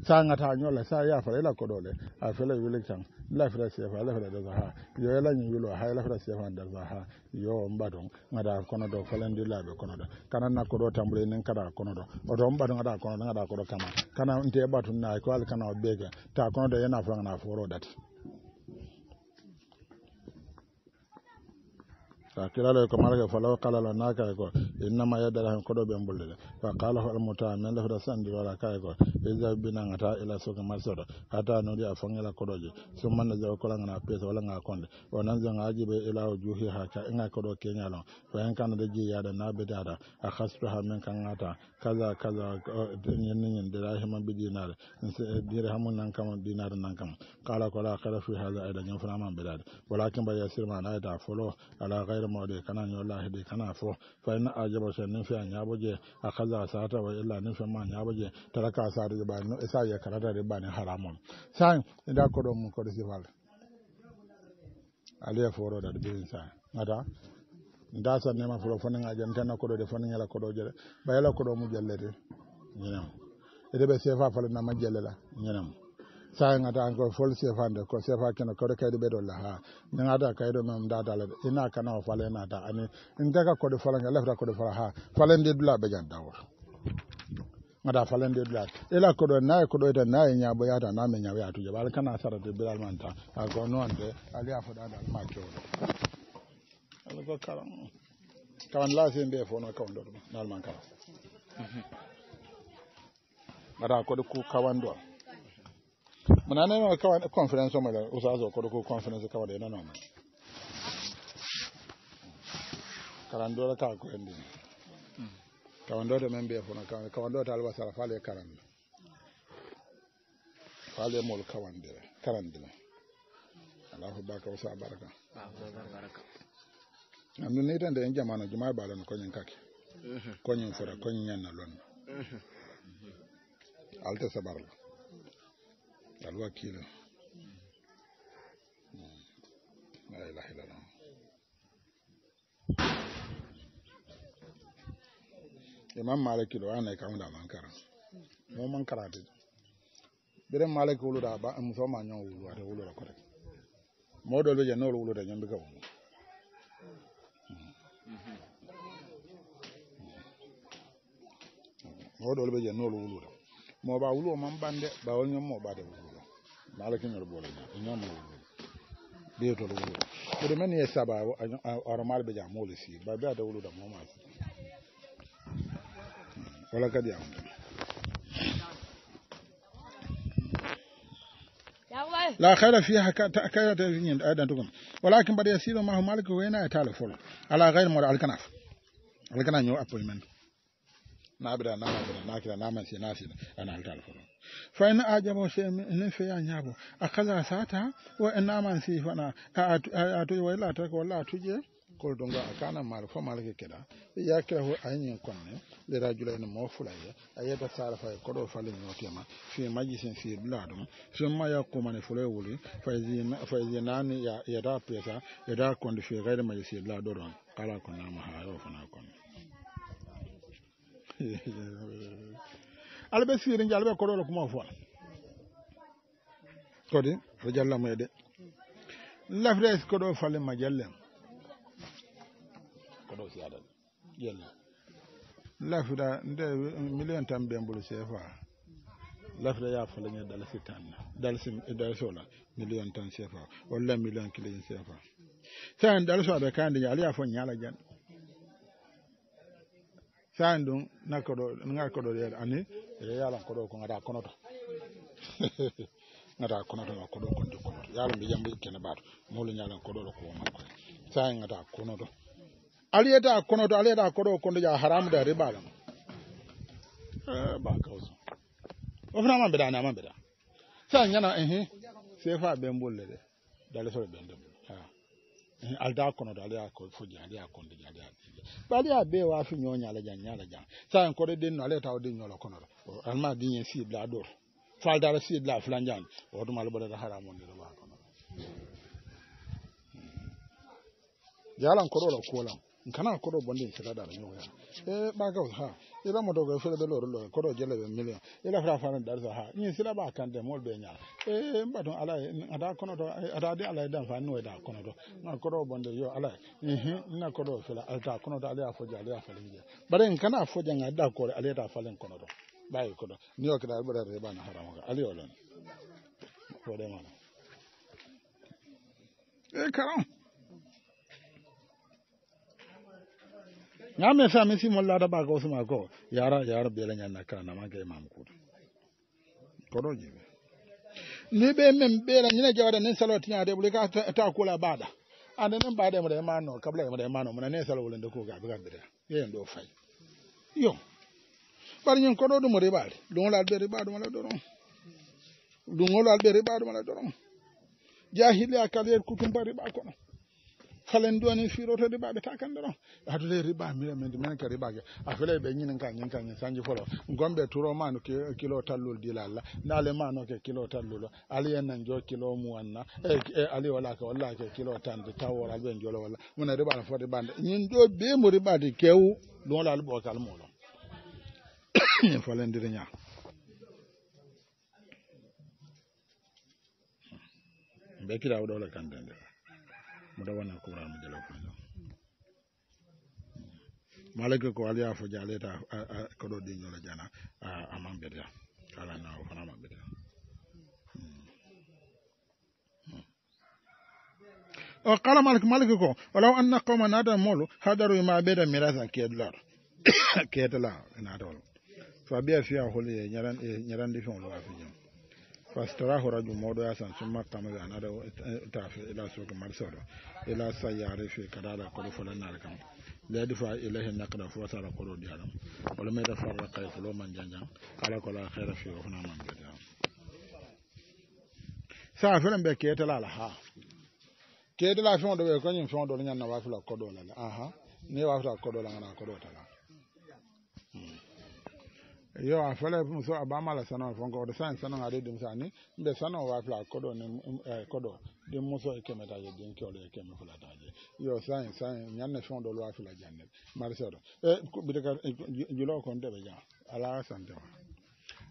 ta sangata ñolla sa yafara ila dole a la fela wili can lafira sefa lafira da zaha yo ela ñi wilo ha lafira sefa da zaha yo mbaɗon gaɗa kono ɗo falendi laaɓe kono ɗo kana nakko ɗo tambure nen kada kono ɗo oto mbaɗo gaɗa kono ɗo gaɗa koɗo kama kana nte ɓatun e na e ko ala kana o ɓeega ta kono ɗo yana fo na foro dati sa kirala ko marake falaw kala la naka ko innama yadara ko kodo be mbulle fa qala al muta men da fada sandi wala kay ko iza bina ngata ila so ko marsodo hata no dia fongela kodo je so man da ko la ngana pesa wala ngana konde nan zan aji be ila juhi haka inga kodo kenya lon fa en kan da ji da na be dada akhastu ha men kan ngata kaza kaza yannin eh, dirahima bi dinar eh, dirhamun nan kama dinar nan kama kala ko kala fi haza a yan fana man bilad walakin ba yasir ma na da folo ala ghair mawdi kana yo la de kana fo fa in ajaba shan nin fi ya buje a kaza sata wa illa nufi ma ya buje taraka sa da ba no isa ya karata da ba ne haramun sai da kodon don mun ko sifal foro da dubin sa ngata nda sa nema fulo fonin nga jam tana kodo de fonin yala kodo jere ba yala kodo mu jallete nyenam ede be sefa fala na ma jallela nyenam sa nga ta ko fol sefa nde ko sefa kino kodo kayde be do la ha nga ta do mam da dala ina kana o fala na ta ani in daga kodo fala nga lafta kodo fala ha fala de dula be jan dawo da falen de dula ila kodo na kodo ita na e nya bo yata na me nya ya je bal kana sarade bilal manta ago non de ali afoda dal ma kyo ala ko karan karan lafiyan bai fono kawan do normal karan bara ko ku kawan do muna ne ma kawan conference mo da usazo ko ku conference kawan da nan ma karan do ka ko ndi kawan do da men bai fono kawan kawan do ta alba sara fale karan fale mol kawan dire karan dire Allahu baka wasu baraka. Allahu baraka. am nu nitan da jamaano juma e baalo no koñen kake koñen fora koñen ñen na lon alta sabar la al wakil hmm. la ilaha illa allah imam malik do anay kam da man kara mo man kara de bere malik wulu da ba am so ma ñoo wulu wa de wulu la ko rek mo do lu je no wulu da ñam bi ko moɗol ɓe je nol wuluta mo ɓa wulu o man ba ɓawol ñom mo ɓade wulura ma ala bolo boole ña o ñammo wuluɗo ɓeyetol wuluɗo ɓeɗo men ye saba aromaɗo ɓe ja moole si ba ɓe ade wuluɗa moma hmm, wala kadi am la hayra fiha kayatañinde aydan tugum walakin mbaɗa yasiɗo ma ho malko wayna e taale folo ala hayre moɗo alkanaf alkana ñoo appoyment naɓira namaɓira nakira namansi nasina ana altal foto fa in ajabo nin feya ñaabo a kala sata o e namansi fana a tuƴe walla a taka walla a tuƴe kol donga a kana maaro fo malake keɗa ya kira ho ayñin konne ya rajula ene mo fulaye a yiyata sara faye koɗo falle ñootema fi majji sen fi dula ɗum summa yakkumane fuloye wuli faysi nani yata peesa yata konde fi gayre majji si dula ɗo ɗon ala ko nama ha na fana konne ala ɓe siri ji ala ɓe koɗole kuma fo kodi e ko jalla mede lafre sko ɗo falle ma jallen koɗo si adal jalla lafra nde million tan ɓe mbolo sefa lafra ya falleñe dala si tanna dalsdala sola million tan sefa walla million kilijin sefa san dala soɓe kandiñe ala ya fo ñala jan fewani ɗum nakkoɗo gari koɗo ɗeɗo anni yalan koɗo ko gata konoto gata konoto ma koɗo kon di konoto yalo mbi jambi kene baato mawlo ñalan koɗoɗo ko wonako he sawi gata konoto aliyeta konoto aliyeta koɗo kondo ƴa haramuda ribaɗam ba kawso ofnama mbeɗa anama mbeɗa sa ñana ehe sefa ɓen bolle ɗe dalesoɓe ɓendebo alda kono da aliya ko fo jali ya kondi jali ya bali ya be wa fi nyonya la jan nyala jan sa en ko de den no ale taw de nyolo kono alma di nyen si bla do fal dara si bla flan jan o dum al bada haram on de ba kono jalan ko do ko lan kana ko do bonde sira da nyoya e ba ga ha ila mo ko fere de lor lo ko do jele be million ila fra fa dar sa ha ni sila ba kan de mol be nya e mba don ala ada kono do ada de ala dan fa no da kono do na ko do bonde yo ala mhm na ko do fela alta kono do ala fo jale ala fele je bare en kana fo janga da ko ala da falen kono do bayi ko do ni o kida bare re bana haram ga ali o olon ko de ma e karam me sa min simol laada ba ko suma ko yara yara bela na kala namanke imam kuuto koɗo jiɓe ni ɓe min ɓeela ñina da ni salo tiñade ɓole ka ta kula baɗa ande nin baɗa mo de kabla no mo na ne salo wolende ko gaɓe gambira yeyen ɗo fay yo ɓaɗa ñin mo ɗum riɓaade ɗumol alɓe riɓa ɗum ala doron ɗumol alɓe riɓa ɗum ala doron jahili a kaliyel kutum ba ko no kala ndoni firoto riba ɓe takande ɗon adude riba miramide men ka ribake a fele ɓe ñinin ka ñin ka sanji folo gomɓe turomano kilo tallul dila alla ndale mano ke kilo tallulo ali en nan jo kilo muwanna e eh, eh, ali wala ke walla ke kilo tande tawor alɓe jolo walla muna ribaɗo fo ribande ñin ɗo ɓe mo ribade kew ɗola alɓo kal muɗon ñin folendiri ña ɓe kirawo ɗole kandende mo dawana courant mo jalo fayno malgré ko alya fo jaleta ko ɗo ɗiñola jana a mamɓeta alana o fana mamɓeta hmm. hmm. o kala malk malgré ko walaw anna qoma nata molu hadaru ma ɓeda mirasa kedlar kedla e natol fa ɓiya fiya holi e ñaran e ñaranɗi fewlowa fijom jumodo summa فاستراه رجل موضع ثم قام بأنه تعفي إلى سوق مرسول إلى سيارة في كرالة قلوف لناركم لا يدفع إليه النقد فوصل قلوب ديالهم ولم يتفرق يفلو من جنجان على كل خير في وفنا من جنجان سافرن بكيت لا لها كيت لا فيون دو بكون فيون دو نيان نوافل كودولا اها ني وافل كودولا انا كودولا Yow a fele muso a bamala sano fonko oɗo sani sano haade ɗum sani mbe sano wafla koɗo ni eh, koɗo ɗin muso e keme taje ɗin kewɗo e keme fula taje yo sani sani ñanne fewɗo wafla jannet mari seeɗo e eh, kuɓɓita ka eh, julo kon deɓe jam ala santewa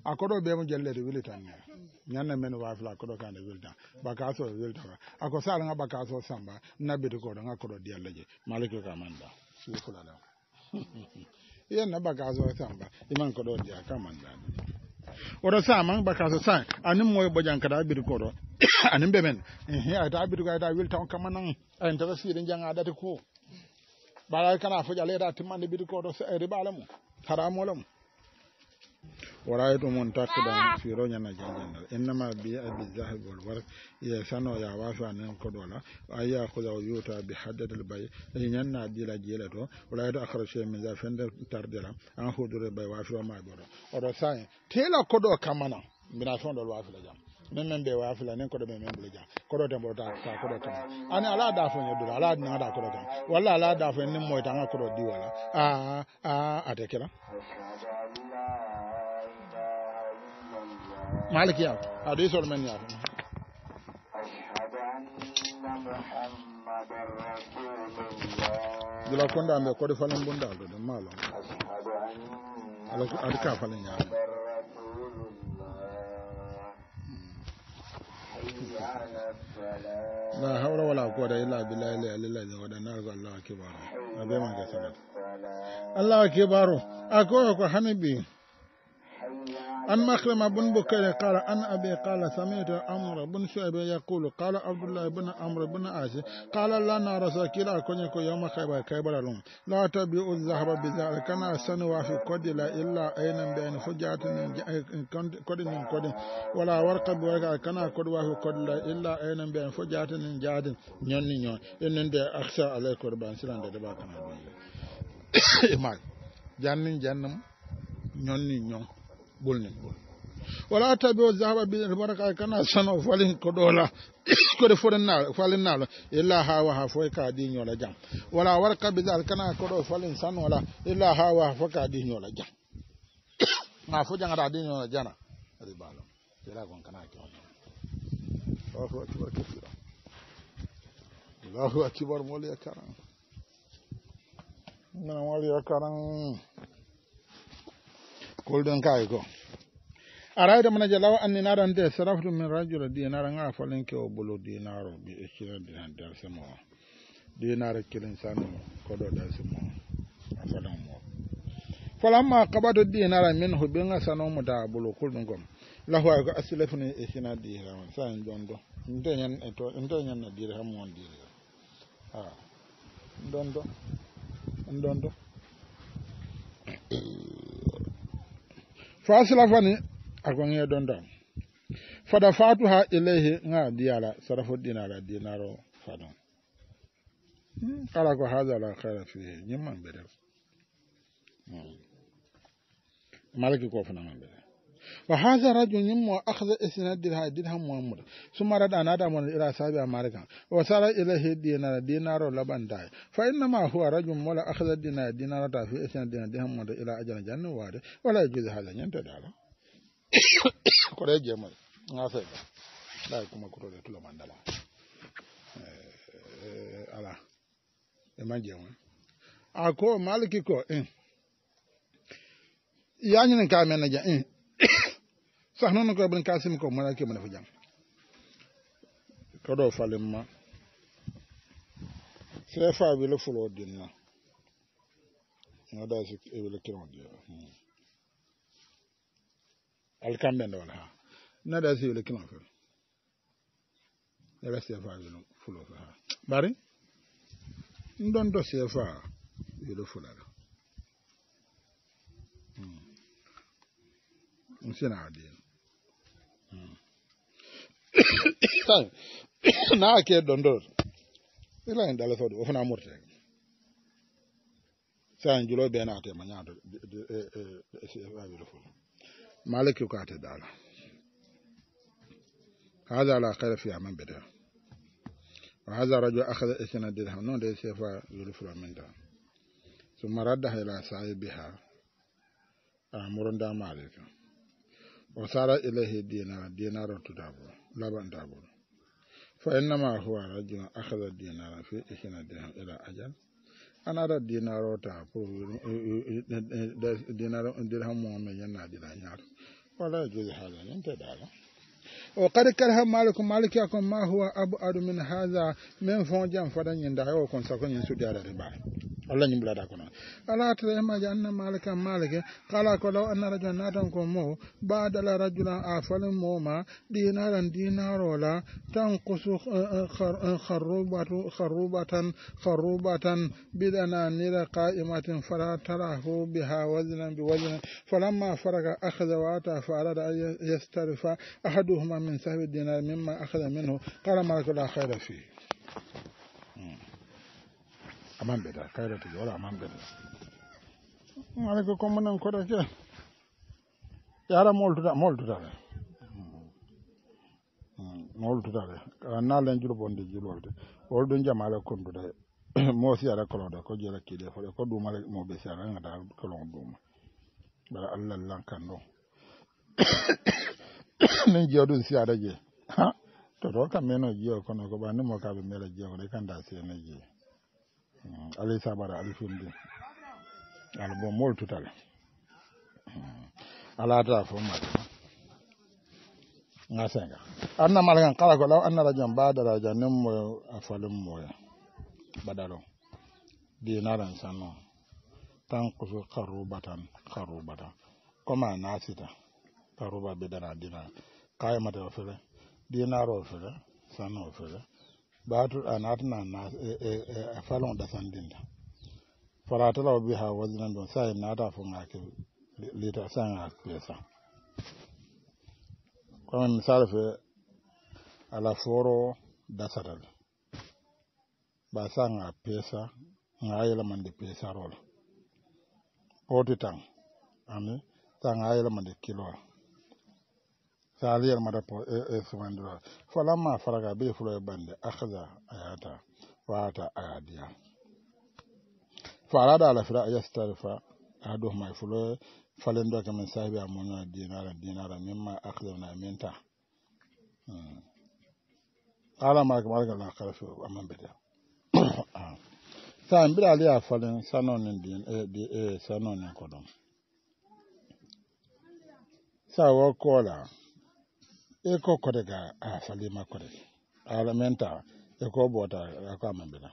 a koɗo ɓe mo jellede wili tan ne ñanne men wafla koɗo kande wiltan bakaso e wiltaka ako salaga bakaso samba nabbiti koɗo ga koɗo diyallaje maliki ka manda sifulaɗa yan na baka zo san ba iman ko don ya kan man dan oro sa man baka zo san anin moy bojan kada bir ko do anin be men eh a ta bir ko da wil ta kam nan ay ta si den janga da ko bara kana fo jale da timman bir ko do riba lamu haramu lamu waraytu mum takkiɗan ah! firoñana janjandal innama bi abi zahibol war ye sano ya wafi anen koɗola ayya huda o yuta bi haddadel bay ei ñanna dila jiile to waraytu akarache min ja fende tardela an hudude bay wafiroma ɓoɗo oɗo sae tela koɗo kammana mbina fewɗol wafila jam min min ɓe wafila nin koɗo ɓe min ɓolo jam koɗo tembo ta koɗo kam ani ala dafo ñeddude ala naɗa koɗo kam walla ala dafo en nin moytanga koɗo diwala a ah, a ah, ate مالك يا هذا يسول من يا أشهد أن محمد رسول الله دلوقتي كوندا أمي كودي فلان بوندا دلا مالا أشهد أن أدكا فلان رسول الله حي على لا حول ولا قوة إلا بالله لا إله إلا الله ودنا الله أكبر أبي ما كسبت الله أكبر أكو أكو حنبي an maklama bun bukari kala an abi kala samitu amra bun shuaibu yaqulu qala abdullah ibn amr ibn as qala lana rasakila kunya ko yawma khaybar khaybar lum la tabi uzahaba bi dhalika na sanu wa fi qadila illa ayna bain hujjatun qadin qadin wala warqa bi warqa kana qad wa fi qadila illa ayna bain hujjatun jadin nyonni nyon enen de akhsha alay qurban silande de ba kana ma jannin jannam nyonni nyon ɓulnin ɓul wala tabi o zaaɓa bine to mbaɗaka e kana sano falin ko ɗola kode fofalin naalo illa ha waha fo ka di ñoola jam wala warka bidal kana koɗo falin sanola illa ha waha fo ka di ñoola jam ma fo jangata di ñoola jana adi balo tera kon kana ke on allahu akbar kabira allahu akbar moli yakaran mana wali yakaran kolɗon kayi ko arayde mana je lawa anni naran de saraftu min rajula a ga ke o bolo dinaro ɓe eccinandi han darsemo o dinara kilin sanimo koɗo darsemo o a ma falamma kaɓato dinara min ho ɓe ga mu da bolo kolɗum gom lahu ay ko asilafni eccina dirama sa en jondo nte ñanna dirham won dirham a dondo dondo fasila fani akoŋe dondon fada fatuha ilayhi ga diyala sara fo dinala dinaro fadon ala ko hada la hayra fihi ñimman mbeɗel hmm. maliki ko fanaman mbeɗel fa haha rajulin mo akhada isnad dirham dirham muhammad sumara da nada mon ira sabi amarkan wa sara ila hidina dinaro labanda fa inna ma huwa rajul mo akhada dinar dinaro ta fi isnad dinar dirham mo ila ajana janna wade wala yujiz hada nyanta dala ko re jemal ngase da kuma ko re tulo mandala eh ala e manje won ako maliki ko en eh. yañin ka men ja en sah noon ko ɓen kasim ko mona kemone fo jam koɗo falimma sefa wile si wala ha si ha do sefa wile tan na ke dondor ila en dala sodo ofna morte san julo be na te manya do maliki ko ate dala هذا على خير في من بدأ وهذا رجل أخذ إثنى درهم نون دي سيفا يلفر من دا ثم ردها إلى صاحبها أمر دا مالك وصار إليه دينار دينار تدابو labanta bolo fa innama huwa rajulun akhadha dinara fi ihna dirham ila ajal an ara dinaro ta pour dinaro dirham mo me yana dira nyar wala yajuzu hada nan ta dala وقد كره مالك مالك يكون ما هو أبعد من هذا من فوجا فدن يندعي وكون سكون ينسو دار الرباعي walla ñimbulata kono ala tara maji anna malika malike kala ko law anna rajulan natan ko mo badala rajulan a falin moma dinaran dinarola tankusu kharrubatan kharrubatan bidana nira qa'imatin fala tarahu biha waznan biwaznan falamma faraka akhadha wa ata fa arada an yastarifa ahaduhuma min sahbi dinar mimma akhadha minhu qala malaka la khayra fihi aman ɓeta kayra tigi wala aman ɓeta ala ko communan koɗa ke yara moltuda moltudare moltudare kala nalen julo bonde julorde wolɗum jamala konduda mo siyara kolonda ko jela kiɗe fole ko ɗumala moɓe siyara gada kolon ɗuma bara allah lankan ɗo min jeyo ɗum siyara je ha toto kam meno jiyo kono ko ɓa nimo kaɓe mela jeyo koɗe kanda siyene jeeyo Mm, alay sabara alifindi mm. ala bon mol tutale alata fo mata nga senga anna kala ko law anna bada rajan nem mo afalum mo badalo sanno dina kayamata sanno ɓaatu a naatana na e, e, e, falon ɗasandinta faratalaw bi ha wasinan ɗon sa naata fo gaki lita sa gaki pesa comme misal fe ala foro dasatal ba sa ga pesa la man ga yelamande pesarola oti tan ani sa ga yelamande kilola sali yarmata sumandira e, e, falamma faraga be fulo e bande akhada ayata wata ayadiya farada ala fira yastarifa ahaduhuma e fulo da min sahibi amuñoa dinara dinara mimma na minta hmm. ala maraka maraka la karafi aman bede ah. sa mbiɗa aliya falen sanonin din e sanonin ko ɗon sa wo kola eko kore ga a salima kore alamenta e ko bota ko amambina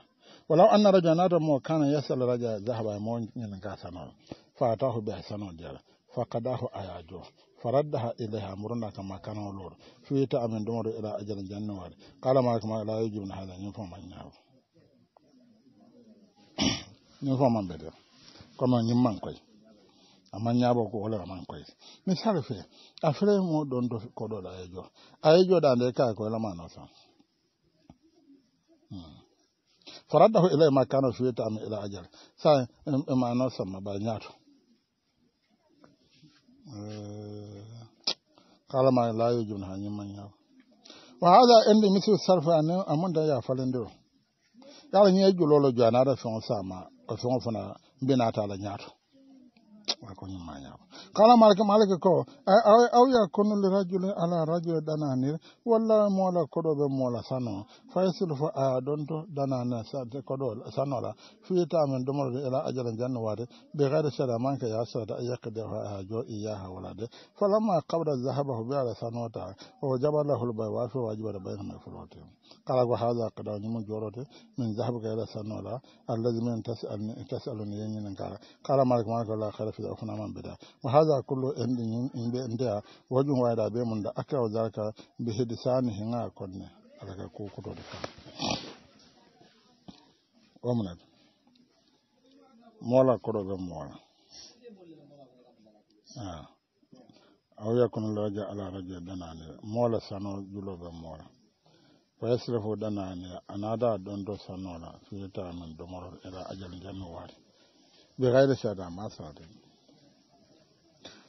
wala anna rajulan nato mo kana yasal raja zahaba mo nyin ga sano fa ta hu bi sano jara fa qadahu ayajo faraddaha ilaha muruna kama kana lor fi ta amin dumoro ila ajal jannawar qala ma kama la yujibu hada nyin fo ma nyawo nyin fo man bede kono nyin man koy amanyabo ko wala man koy misal fe afre mo don do ko do la ejo ayejo da de ka ko la mano sa faradahu ilay ma kana fi ta'am ila ajal sa ma no sa ma ba nyato kala ma la yujun hanyi manya wa hada indi misu sarfa an amunda ya falendo yala nyejo lolo jana da fon ma ko fon fona bina ta la nyato ko ñummañama kala malaka malaka ko aw yakunu li rajulin ala rajuli dananir walla moola be mola sano sa de aya ɗon to danane koɗo men do domorode ila ajala janno wade ɓe gayde seeɗa manke ya seeɗa yakkide de ha jo iyaha wolade falamma kabra zahabahu bi ala ta o jaɓallahul bay da bayna baynama fulote kala ko haga kada ñumu jorote min zahabaka ila sanola alladi min tasaluni yeñinen kala kala malaka malaka la kara fiya funa man ɓe da wa haha kullo enɗi yimɓe ndeya wajum wayda be mum da akka o zaka mbi heedi sani hega konne alaga kokotode ka omnad moola koɗoɓe moola a wiya kono laraja ala radio danani moola sano juloɓe moola payesle fo danani anada ɗonɗo sanola fiyeta min domorol era ajal janno waari ɓe gayde seeda masade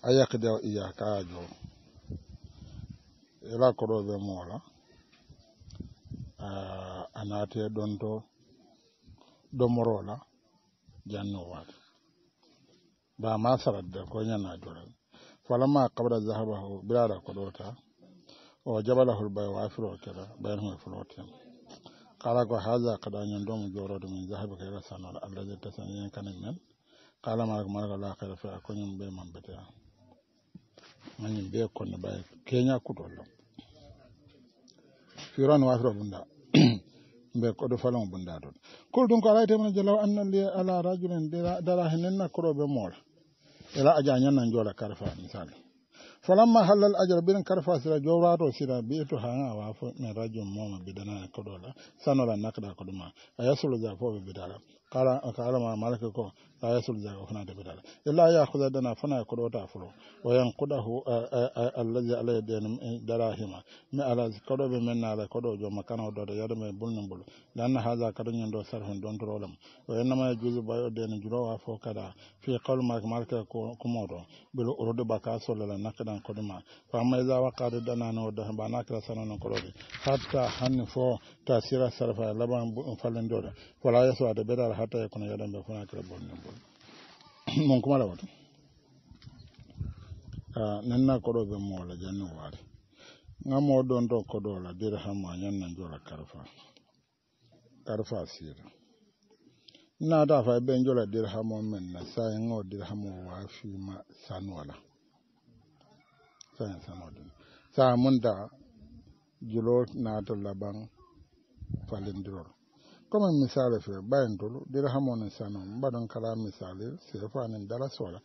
a yakkidewo iya kaya joom ela koɗo ɓe moola a naati e ɗon to ɗomorola janno waata ba ma saradde ko ñana jorel falama kabra zahabahu birara koɗota o jaɓalahol ɓay wafiro kera ɓayn hume floten kala ko haja kada ñon domo jorode min zahabi kaira sanol allah je tasanñen kanik men kala mala ko malaka la kaira fe a koñum ɓe mamɓete a hañum be konne mbaye keña kutollam firano wafiro bunda mbe koɗo falamo bunda toon kolo ɗum ko ala temana jalaw annali ala rajulen dara he nen nakkoroɓe moola ela aja ñanna joola karfa misal falamma hallal ajal biɗen karfa sira jowrato sira mbiyeto ha a waafo men radio momo mbiɗana koɗola sanola nakɗa koɗoma a yasolo ja fo ɓe mbiɗala kala ka alama malaka ko la yasul jaga fana da bidala illa ya khuda dana fana ko dota furo wa yanqudahu allazi alayhi dan darahima mi ala kodo be men ala kodo jo makana do da yado me bulnin bul dan haza kado nyen sarhun don trolam wa yanna ma juzu bayo den juro wa fo kada fi qal ma malaka ko kumodo bil urdu baka sallala nakadan koduma fa ma wa waqa dana no da banakra sanan ko do hatta hanfo ta sira sarfa laban dole da hata ya kuna kuna mun kuma a nan na kodo be mo la jannu wari nga mo don to kodo la dirham ma nyan nan jola karfa karfa sira na da fa ben jola dirham men na sai ngo dirham wa fi ma sanwala sai sa mun da julo na to laban falindirol comme misali fe ɓayintolu hamonin e sanon mbaɗon kala misali sefanin dala sola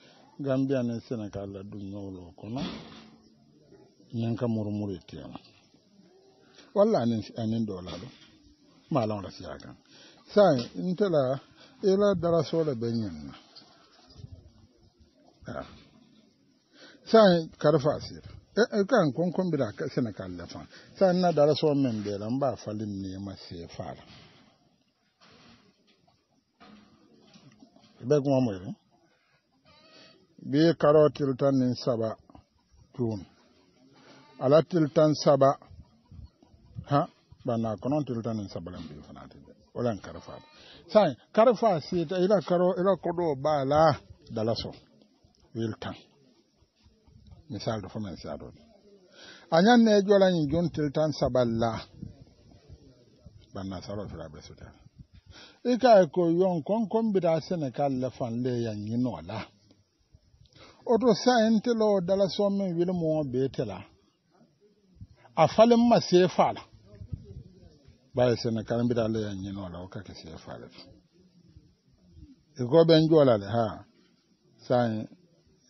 gambia nin sénégal la ɗum ñowlo kono ñin ka murmuri tema walla anin anin ɗola ɗum malon rasiya kan sai intela ila dala sola ɓe na ah. sai karfa sira Eh, eh, kan bi bira ka senegal na fan san na da rasuwan min be ba falin ne ma se fara ibe kuma mai ne bi karo tan ni saba tun ala tiltan saba ha bana na til tan ni saba lan bi fana te wala karfa sai karfa sai ta ila karo ila kodo da dalaso wiltan misal do fomen si aɗon añan ne jolañi jontel tan saballa banna saro firaɓe sutan i ka e ko yon kon kon mbiɗa sénégal le fan le yanñinola oto sayintelo dala sommin wilmo beetela a falin ma sefala baya sénégal mbiɗa le yanñinola e o ke sefala to e ko goɓen jolale ha sayin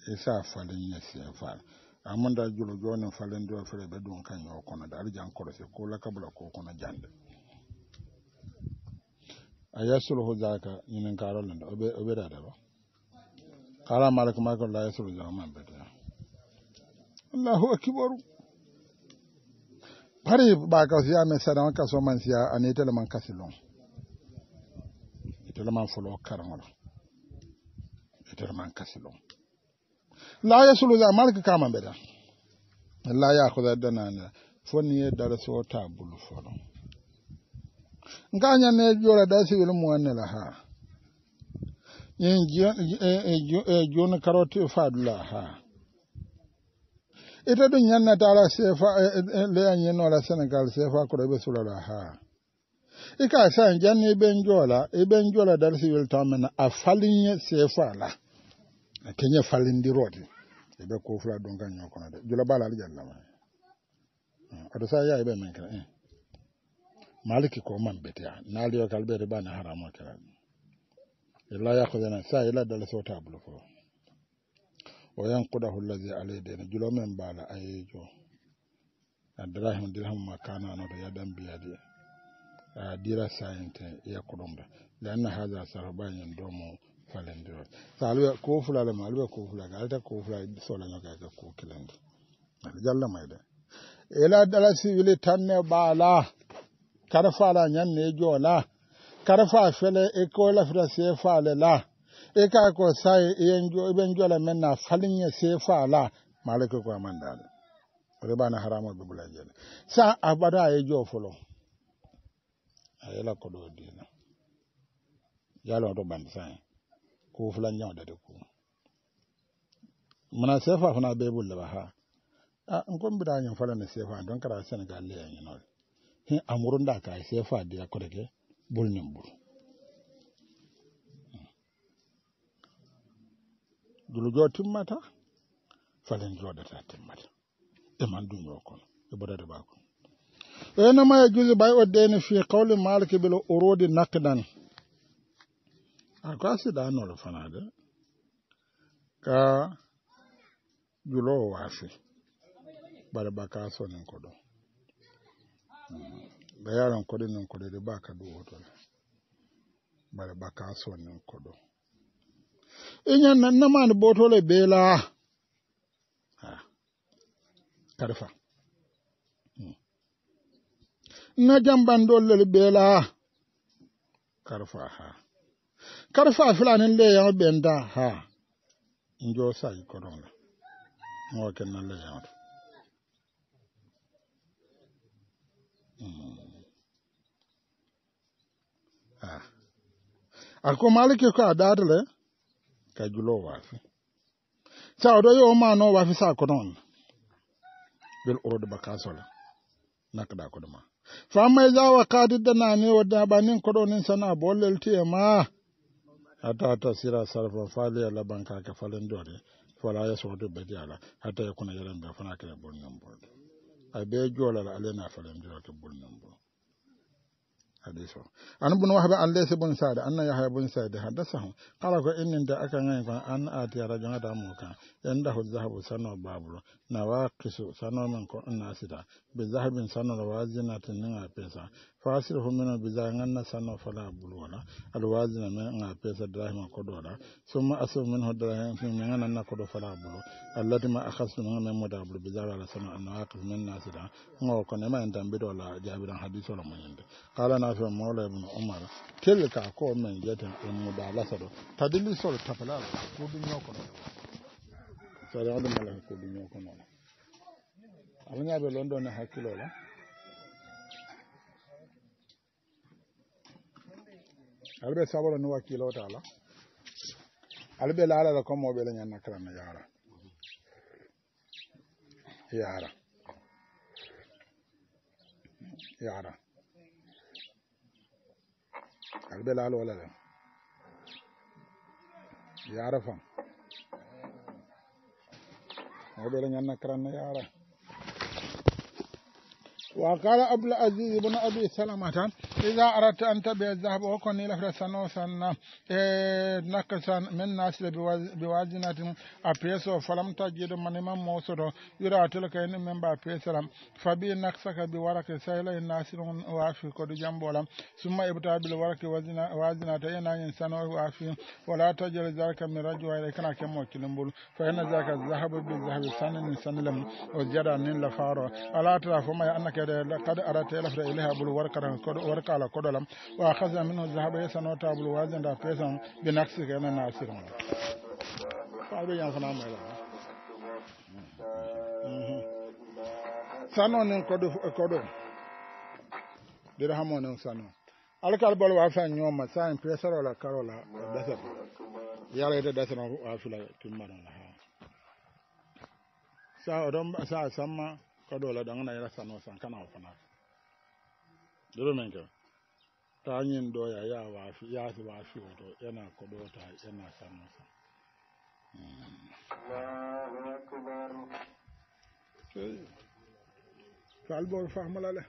isa falin ya siya fal amman da julo jonin falin do fere be dun kan yo kono da arjan korse ko la kabla ko kono jande ayasulhu zaka ñinin karolin da obe da ba kala malik makon la yasulhu zaka man bete allahu akibaru. Fari ba ka siya me sadan ka so man siya ani tele man kasilon tele man folo karangola tele man kasilon la yasulu za malka kama beda la ya khuda na foni ye dar so ta bulu fono nganya ne jora da si wil muwanne la ha yin jona karoti fadla ha ita dun yanna tara sefa leyan yino la senegal sefa ko be sulala ha ika san janni ben jola e ben jola dar si wil tamana afalin sefa la kenya falindi e ɓe kofula ɗum kan ño kono de jula bala ala jallama oto hmm. sa yawi ɓe men kala eh. maliki ko man beteya naaliyo kal ɓeete ɓani haramo kala illa yakudena sa ila dala sotablo fo o yankudahu lladi alayhi dene julo men mbaala dira domo falendi o so aluwe kofulale ma aluwe kofulage alta kofulae solaño gaga kokilendi aɗa jallamay de ela dala siwili tanne ɓaala kara faala ñanne joola kara fa fele e ko lafita see faale la e ka ko say eɓen e joola men na faliñe see faala malake ko amandale rebana haramo ɓe ɓula jele sa a ɓada ye jo folo a yela ko ɗo dina yalo to bandi sa hen ko yau da ku muna sefa fana bee bulle ba ha a bi da yin fara ne sefa don kara senegal le yañinol hin da ka sefa ya kote ke bul nin bul dulujo timmata falen ta timmata e man duño kono e da ba kono enama e juzu bai o deni fi qawli maliki bil urudi naqdan ako asiɗanolo fana de ka julowo waasi bare baka sonin ko ɗo ɓe yaran koɗe nin koɗe de baka duwotole bare baka sonin nna ɗo iñan bụ namani botole beela kare fa na jambandollel beela kare fa ha kar fa fulanin leyaŋo benda ha njo sayi koɗola mo kenna leyaŋo hmm. ah. ako maliki ko a ɗaatale ka julo waafi sawɗo yo ma mano waafi sa koɗon bel urode bakasola nakɗa koɗoma famma e jawa kadidda nani wadde haɓanin koɗo nin sana bollelti e ma hata sira sarfa fali ala banka ka falen dole fala ya sodo bedi ala hata ya kuna yaran ga fana kare bon burdo be jola la alena falen dole ka burnin burdo hadiso an bun wahaba an laysa bun sada an yahya bin sa'd hadathahu qala ko innin da aka ngai fa an ati jama da mu kan yanda hu zahabu sanu babulu nawaqisu sanu man ko annasida bizahabin sanna alwazina tanin a pesa fasir homino biza ganna sanna fala bulwala alwazina men a pesa drahima kodola summa asu min hodra min ganna na kodo fala bulu allati ma akhasu min men moda bulu biza wala sanna an waqif min nasida ngo ko ne man tambi dola jabiran hadiso la munyinde qala na fi mawla ibn umar tilka ko men jatan al mudalasa do tadilli sol tafala ko dun yoko no afañaɓe london e hakkilola aɓeɗe sabara ni wakkilotala alaɓe laalala comme oɓele ñanna karanna yara yara yara alaɓe laalolale yara fam oɓele ñanna karanna yara وقال أبو العزيز بن أبي سلمة إذا أردت أن تبيع الذهب وكن لفر سنة سنة نقصا من ناس بوازنة أبيسو فلم تجد من من موسر يرى تلك إن من بأبيسلم فبي نقصك بورك سهل الناس وافي قد جنبولا ثم ابتع بالورك وازنة إن إنسان وافي ولا تجد ذلك من رجل إليك ناكم وكلمبول فإن ذلك الذهب بالذهب سنة سنة لم وزيادة نين لفارو ألا ترى فما أنك gueɗe kadi ara telefre e liha bolo warkata warkala koɗolam o hasa min zahaba yesano tabol wasenda peson binaxi kene na sirma faɓe yafanamaa sano nin koɗo koɗo dirahamo nin sano alkal bol wa fen ñoma sain pesarola karola dese yalayde deseno wa fila timmaɗon sa oɗon sa samma ka dɔw la dɔn kana yɛrɛ san kana o fana fɛ dɔrɔn taa nyi ya ya waafi ya fi waafi to yana ko ta yana san o san to hmm. albor fahmala le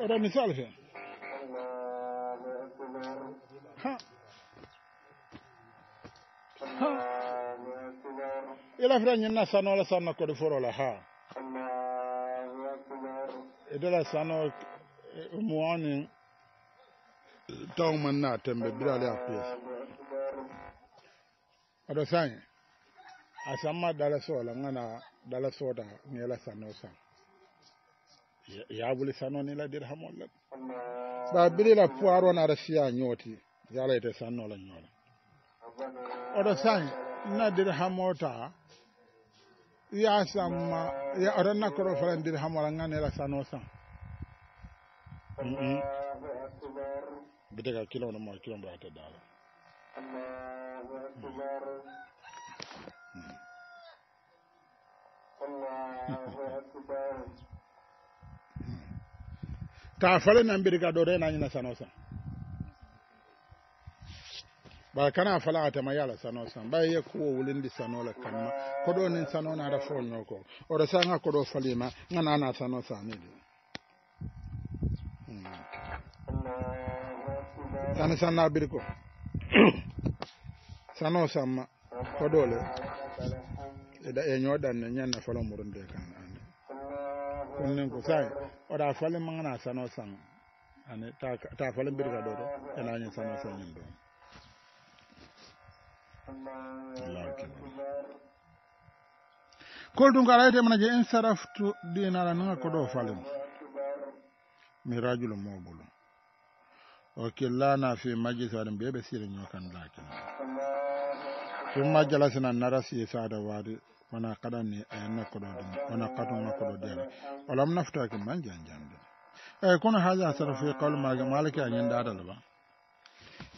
oɗo hmm. misal fe ha ha ila fira nyina sano la sano ko do foro la ha e do la sano eh, muani tong man na tembe bira le apie ado san asama dala so la ngana dala so da ngela sano sa ya wuli sano ni la dirham wala ba bire la puaro na rasiya nyoti yala ite sano la nyola ado san na dirhamota ya sama ya arana koro faran dirhamora ngane la sano san mm-hmm. bidega kilo na mo kilo ba ta dala Allahu akbar Allahu akbar ta fale na bidega do re na nyina sano san bara kana fala atama yala sano san ba ye ko wulindi sano la kanma kodo nin sano na da fo nyoko ora sanga kodo falima ngana na sano sami hmm. sani san na birko sano samma kodo le da e nyodan ne nyanna fala de kan ande kunnen ko sai ora falima ngana sano san ane ta ta falin birka dodo ina e yin sano san yin dodo kol ala wiyete mana je in saraftu dinara naga ko ɗo falen mi rajulu mobolum o killana fi majlis waɗen ɓe ɓe siri ñokan lakin summa jalasina nara sada wadi wona kaɗanni ayanna e koɗo ɗum wona katunga koɗo diyala olam naftaki man jan jande eyyi kono haja sara fi e qawle maga malaki a ñinɗaɗal ba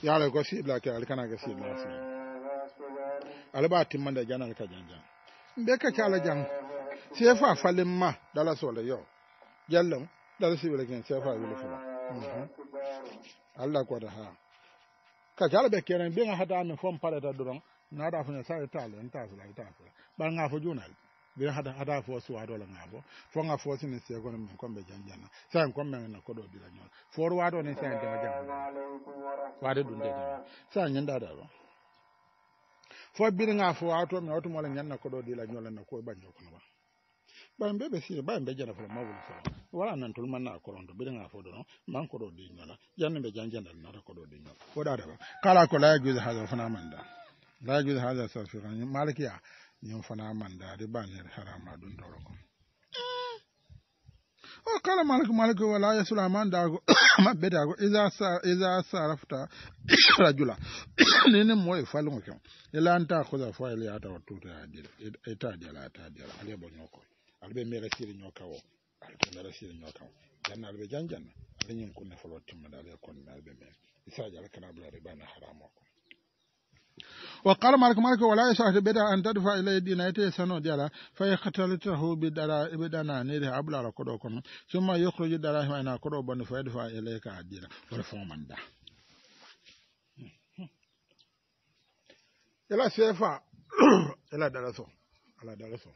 yaalay ko albatin man da janar ka janjan be ka kala jan sefa falin ma dala sola yo jallam dala sibira ken sefa wili fula mhm. Allah ko da ha ka kala be kenan be da min fon pare da duron na da ne sai ta le nta sala ta sala ba nga fo juna be da ada fo su wado la ngabo fo nga fo sin se ko min ko be janjana sai ko men na ko do bi la nyon fo wado ne sai da wa da dun de sai nyanda da ro fobiriŋa fo ato mi oto mola nyanna kodo dila nyola na ko banyo kono ba ba mbe be si ba mbe jana fo ma wulu fo wala nan tul manna koro ndo biriŋa fo do man kodo di nyola janna be janja dal na kodo di nyola ko da da kala ko la yuzu hada fo na manda la yuzu hada sa fi ran malikiya nyum fo na manda di banir harama dun toro ko kala maliku maliku wala ya sulaiman dago mabbe dago iza sa iza sa sarafta rajula nene moye falungo kyo ila anta khuza faili ata watuta adila ita jala ta jala ali bo nyoko be mere sir nyoka wo be mere sir nyoka wo janna be janjan ali nyin kunne folo timma dal ya kon yakon be mere isa jala kana bla riba na haramo ko وقال مالك مالك ولا يصح بدا ان تدفع الى يدينا يتسنو ديالا قتلته بدرا بدنا نير ابلا ركدو كن ثم يخرج دراهم انا كرو بن فيدفع اليك ورفو من دا يلا سيفا يلا درسو يلا درسو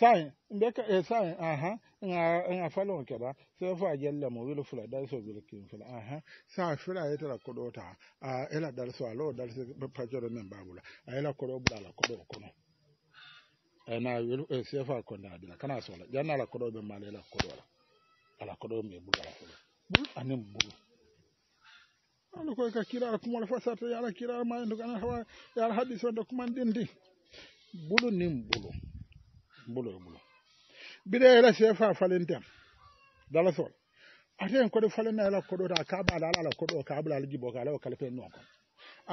sai mbeka eh sai aha nga nga falo keba se fa jella mo wilo fula dal so wilo kin fula aha sa fula yeta la kodota a ela dal so alo dal so pa joro men babula a ela kodo bula la kodo kono na wilo e se fa konda adila kana so la janna la kodo be male la kodo la ala kodo me bula la kodo bu anem bu ala ko ka kira kuma la fasata ya la kira ma ndo kana hawa ya la hadis wanda kuma ndindi bulu nim bulu mbulo e mbulo mbiɗe ela cfa falenten dala sol aten koɗe falena ela koɗota kaɓala ala ala koɗo ka abla ala jibo ka alawa kalpe nonko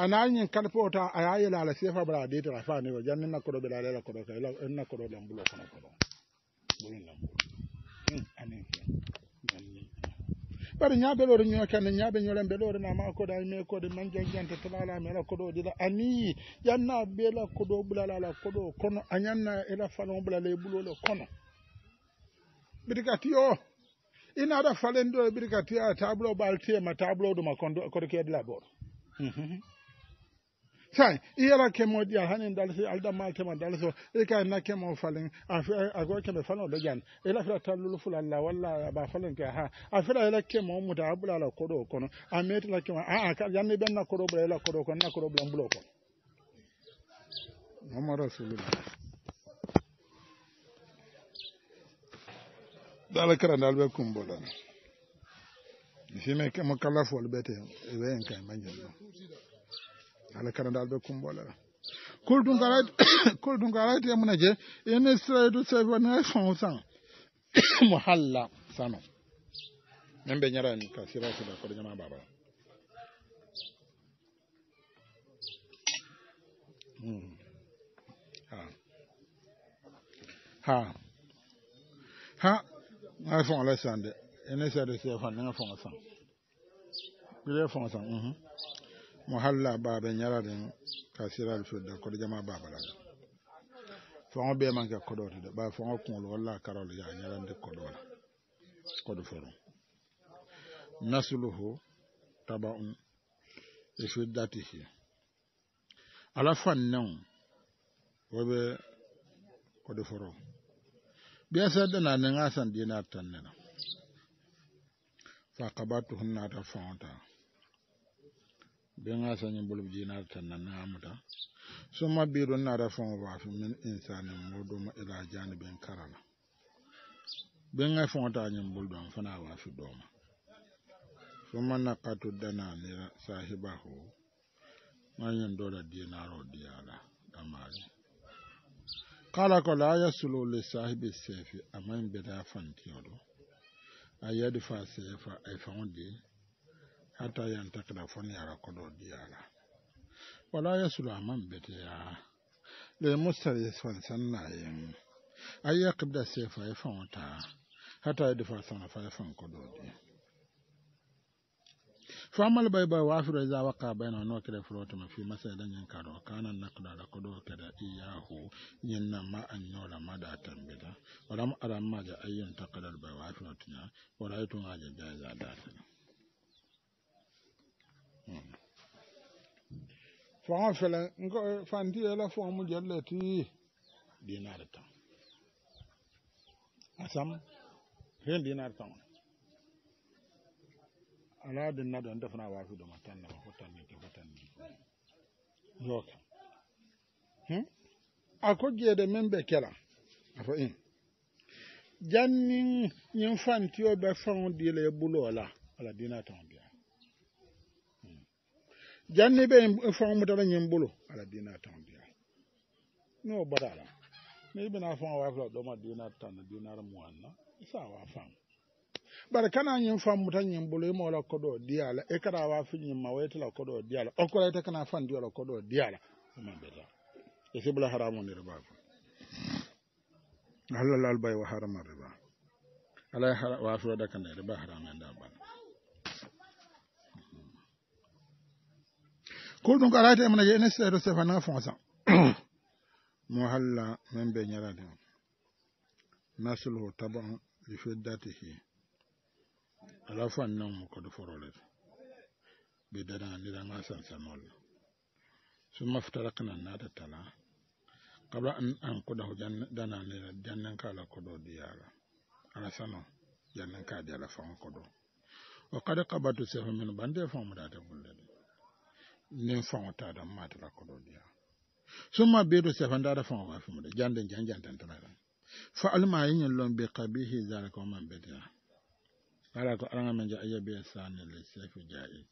a nañin kalpe ota aya yela ala cfa bala detata faniro jannina koɗo ɓela ala ela koɗo ka ena koɗo lem mbulo kono koɗo mbulo lem mbulo hmm, anen bari ñaaɓe ɗore ñoo kande ñaaɓe ñoren ɓe ɗore nama koɗa me koɗe man jonjante talala mela koɗo ɗila ani yanna bela koɗo ɓulalala koɗo kono a ñanna ela falon ɓulale ɓulole kono birikati o ina aɗa falen ɗo birikati a tableau ɓaltiyema tableau ɗuma koɗo keɗila ɓoɗo mm-hmm. kai iyara kemo dia hanen dalse alda malte man dalso e kai na kemo falen afi ago kebe falo do jan e la fira tallulu fulalla walla ba falen ke ha afira e la kemo muta abula la kodo kono ameti la kemo a a ka janne ben na kodo bre la kodo kono na kodo blan bulo ko mama rasulullah dala kara dalbe kumbolan simeke mo kala fol bete e wen kai manjalo ana kanadal ɓe kumɓolera kol ɗum garayt kol ɗum garayte yamuna je ene sirayto sawana son san mo halla sano min ɓe ñarani ka sira sida koɗo ñama baba hmm. ha ha ha fon la sande ene sirayto sefan nega fon san ɓire fon san mhm. muhalla baabe baɓe ñaraɗen ka siral fedda koɗo jama la babalaga foŋo ɓe ke koɗoto de ɓa foŋo kuŋol walla karol ya ñarande koɗola koɗo forum Nasuluhu tabaun e fiddatihi ala fannew woɓe koɗo forum ɓiya seddana ne ga san dina tannena fa naata nata taa. bin asanyin bulub jinar tannan na amuda summa birun na rafin wafi min insanin ma ila janibin karana bin afin wata yin buldon fana wafi doma summa na katu dana ne sahibahu manyan dole dinaro diyala damari kala ko la sulu le sahibi sefi amma in fanti fantiyolo a fa sefa ay fawndi Hata hatta yantakila fon yara koɗo diyala wala ya yasulu aman beteya le mustari fan sannayen ay yaqibda se faye fan wata hatta yadi fa sana faye fan koɗo di famal bay bay bai na wani bayna no mafi masa idan masala nyen kado kana nakda da kodo da iyahu nyinna ma an yola mada tambida walam aram maja ayyun taqdal bay wafiro tinya wala ya yutun aja jaiza dafina faŋo fɛlɛ ŋgɔ faŋ ti yɛla faŋo mu jɛl lɛ ti dinaari taŋ a sam ren dinaari ala din na don dafna waafi doma tan nama fo tan nike fo tan nike yoo kam hmm? a ko jeede meŋ be kela a fo in janniŋ ñiŋ fantiyo be faŋo dii la ye buloo la ala dinaa taŋo janni ɓe fomutata ñimɓolo ala dina tan biya mi o baɗala mi ɓina fo a wafla ɗoma dina tan dinar muanna sa wa fam bara kana ñim fammuta ñimɓolo imola koɗo diyala e kada wa fi ñimma waytala koɗo diyala okkolayta kana fandiyola koɗo diyala umambeta e sibla haramonire bako allah lalbay wa harama reba alay wafiroɗa kana reba haramenda ɓal kul ɗum ko arata e manaji ene sɗeɗo sefanaga fonsan mo halla men ɓe ñalade on naslo taba on li feddate hi ala fanne mo kodo forolete ɓe dadaniranga sansanolla sumaftarakna nada tala kabla an an koɗa ho dananira jannen kaala koɗo diyala ala sano jannen ka di ala fanga koɗo o kada kabatu sefa min bande famudate gullede nin faŋo taata n maati la kodoo diya summa beeto sefa ndaata faŋo ma fumude jande jan jantantana la fa alima ye ñin loŋ be qabihi zalika wo maŋ betiya ala ko alaŋa meŋ je aya bee saani le sefi jaiz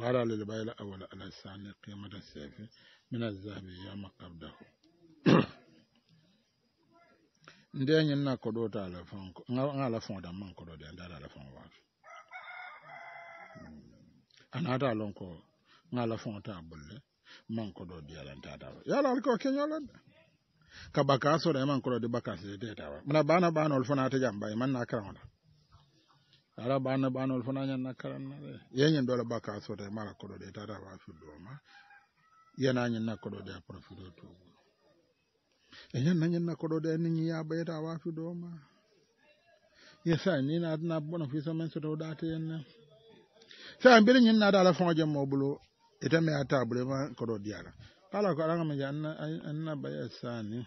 wara le bayla awala ala saani qimata sefi min azahabi yama kabdahu ndeñin na kodoo ta la faŋ ŋa la faŋo daŋ maŋ kodoo de ndaata la faŋo waati a naata lon ko ngala fonta bolle manko ɗo diyalantatawa yalal ko keñolande ka baka soɗa e manko ɗo de ta tetawa mala bana banol fonate jam mbaye man na karamola ala bana banol fona ñanna karannaɗe yeñin ɗole baka soɗa e mala koɗo ɗe tatawa fiddoma yenañin nakko ɗo ɗe a profito tugu e ñannañin nakko ɗo ɗe niñi yaɓayeta wafi ɗoma yesa ni natana bona fiso men soto ɗate na. ta mbere nyin na dala fon je mobulo ita me eh? ata bule ma koro diara kala ko ranga me janna anna baya sani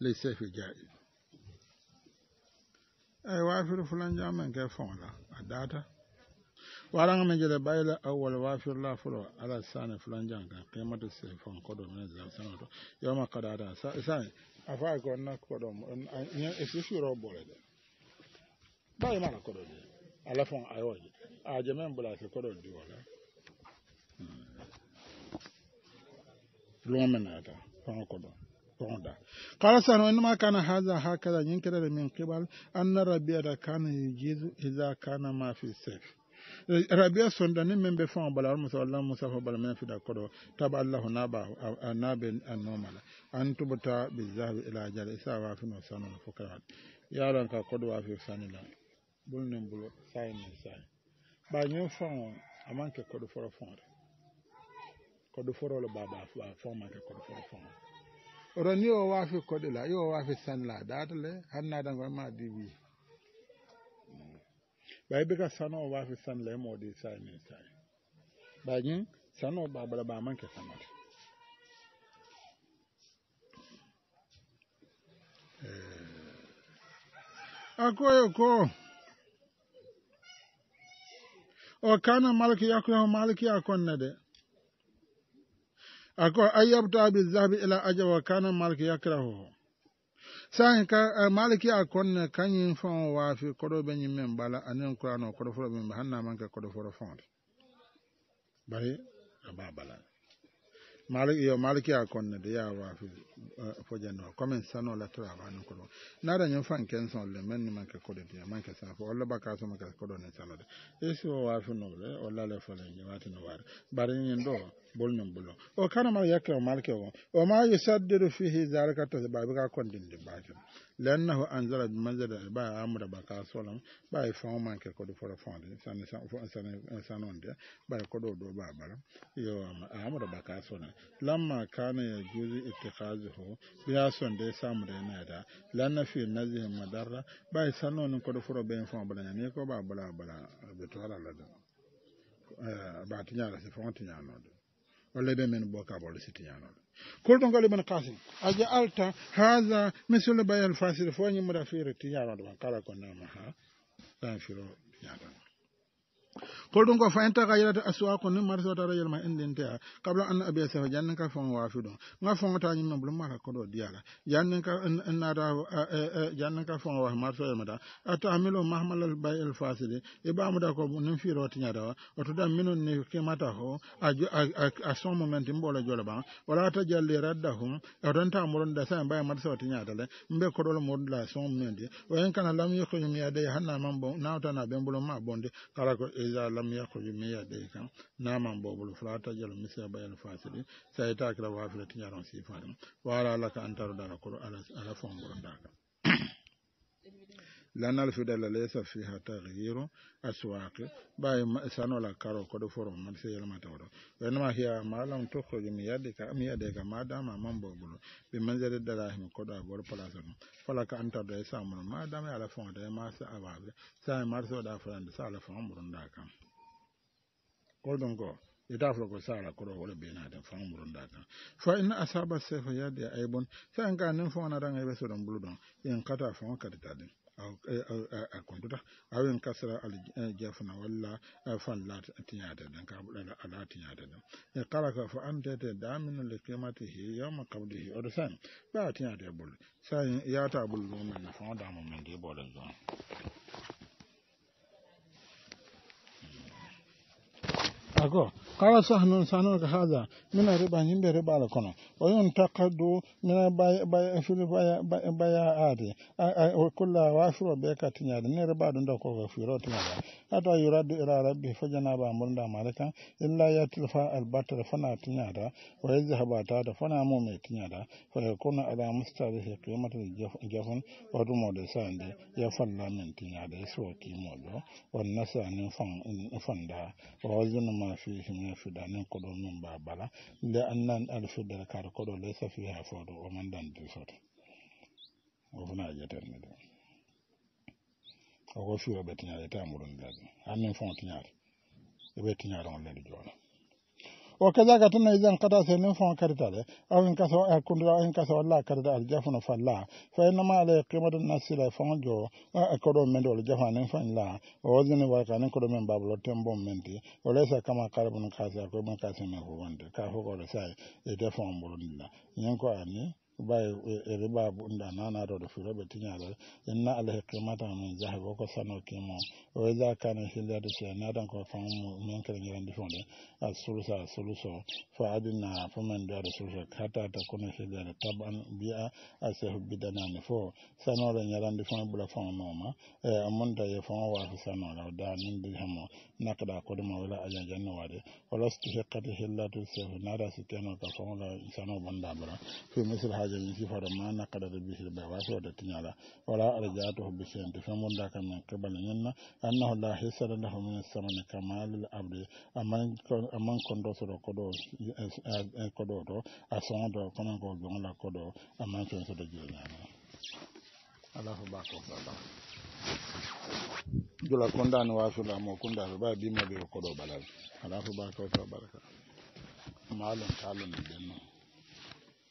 le sefi jai ay fulan ke fon la adata me wa la fulo ala sani fulan fon me e shuro aje men ɓurake koɗon diwala lome hmm. nata on koɗon onda kala sano inma kana haha hakada yinkirere min qibal anna rabiyata kana yujizu iha kana ma fi sef eh, rabiya sondani min ɓe fama bala almusa walla musafa bala min fida koɗo taba allahu nabe annomala an tubata bizahabi ila jal isa wafino sanono fo kaa yaran ka koɗo wafi sanila ɓulnin bulo sai min sai bañen faŋo a maŋ ke kodo foro faŋo ti kodo foro le baba faŋo maŋ ke kodo foro faŋo oto ni wo waafi kodi la i wo waafi sani la daata le hani naatan kono maa dibi bayi bi ka sano wo waafi sani la i moo di sayi niŋ sayi bañen sano baba la baa maŋ ke sano ti eh. a ko ye ko o kana malki yakuyaho malkiya konne de ako ayyabtaabi zahbi ila aja wo kana malki yakirahoho san malkiya konne kañin fon waafi koɗo ɓe ñimmen bala anen kurano koɗo foro ɓeɓe hannamanke koɗo foro fonde bari aba balani malik yo malik ya konne de ya wa fi eh, fojano comme sano la tra ba no ko na da nyon fan ken son le men ni man ka ko de man ka sa fo wala ba ka so man ka ko do ne sala de e so wa fi no le wala le fo le ni wa tin war bari ni ndo bolnum bolnum o kana mana yakke o malke o o ma yusaddiru fihi zalika tasi e baɓe ka kondinde bakin lannahu anzala bimanzada e baye amuda baka solam baye fon manke koɗo fota fonde sanonde baye koɗo ɗo babala yo amuda baka solam lamma kana ya juzi ittihaduhu biyasonde samude nada lanna fi nazihi madarra baye sanoni koɗo fota ɓen fon bala ñani ko babala bala ɓe toalalada eh, batiñala si fon tiñanode walla boka men bo kaɓole sitiñanol kolɗo ngol eɓen kasim aja alta haha monsieur le bayal fasir fo ñimmoɗa feere tiñanode ma kala ko nama ha tan firo ñatan kolɗum ko fayin taka yirata asuwa ko nin mata ma yelma indintea kabla an abiya sa jannin ka fon fido nga fon ta ñim no bulum mata koɗo diala jannin ka da jannin ka fon wafi mata da ata amilo al bay el fasidi e da ko nin firo tiñatawa otuda minon ni mata ho a a son moment mbola jola ba wala ta jalli radda hum otonta da sa ta nya da le mbe mo la son moment o en kana lam ya de hanna man bon na ɓen bulum ma bonde kala ko e, iza lam yakhruj naman bobul fulata jal misya bayal fasidi sai ta kira wa fil tijaran sifarin wa laka an tarda ala ala fon lana alifidala lesa fi hatagiro aswake bayi e e sano la karo kodo foro man se yelma tawdo wen ma hiya malam to khoji mi yadde ka mi yadde ka madama mambo bulu bi manjere dalahi mi kodo abor palaso fala ka anta de samon madama ala fon de ma sa abade sa e marso da frande sa ala fon burun da kan kodon go ita fa ko sala ko do wala bena da fon burun da kan fa in asaba sefa yadde aybon sa en ka nan fon na dan ebe so don bulu don yen kata fon kadita din a kuntuta awen kasra al na walla latin ya dada ka a latin ya dada ya kala ka fa anta ta daminu li qimatihi yawma qabdihi odo san ba tinyata bul sai ya ta bul mun na fa da mun de bolan zo ako kawa sahnun sahnun ka hada mina riba riba la kono o yon takka do mina fili baya aade kula wafiro ɓe ka tiñade ni riba ɗum da koko firo tiñada hata yuraddu ila rabbi fo janaba mbolda malaka illa yattil fa albattere fana tiñada o da tata fona mume da fa yakunu ala jafan qimatal jafon da sande ya falla min tiñada e sookimoɗo wonnasa ni fonda o wajunuma يكون فدان قدو من بابلا لأن ألف دركار قدو ليس فيها فود ومن دان تفود وفنا جتر مدى أقول شو يتامرون لدي أمين فون تنيار يبتنيا رون لدي جوانا o kazaka tana izan kata senin fon karitare aw in kaso e kundura in kaso walla karita al jafuno falla fa inna ma ala qimatu nasila fon jo a kodo men do jafa nen fon la o wazini wa kanin kodo men bablo tembo menti o lesa kama karabun kasa ko mun kasa men ho wonde ko bay eh, riba bunda nana ɗo ɗo firo ɓe na inna alhikmata min jahe bo ko sano kimo o ida kana na sie natan ko mu min keregerandi fonde a sulusa a suluso fa adina na men do aɗa suluso hatta ta kuna kono hillade taban biya a sehu bidanani fo sanore ñarandi fon ɓula eh, fon noma e amonta ye fon wafi sanora da nin di hamo nakaɗa kodema wala ajan janno waɗe walastu hikkati na sehu nata sikkeno ka fon la sano bonda bara fi misre haajum sifata ma nakadata bisir ɓe wa sewde tiñala wala arjatuhu bi senti femunda kam annahu la min abdi amman a ko amman bako sala mo bako baraka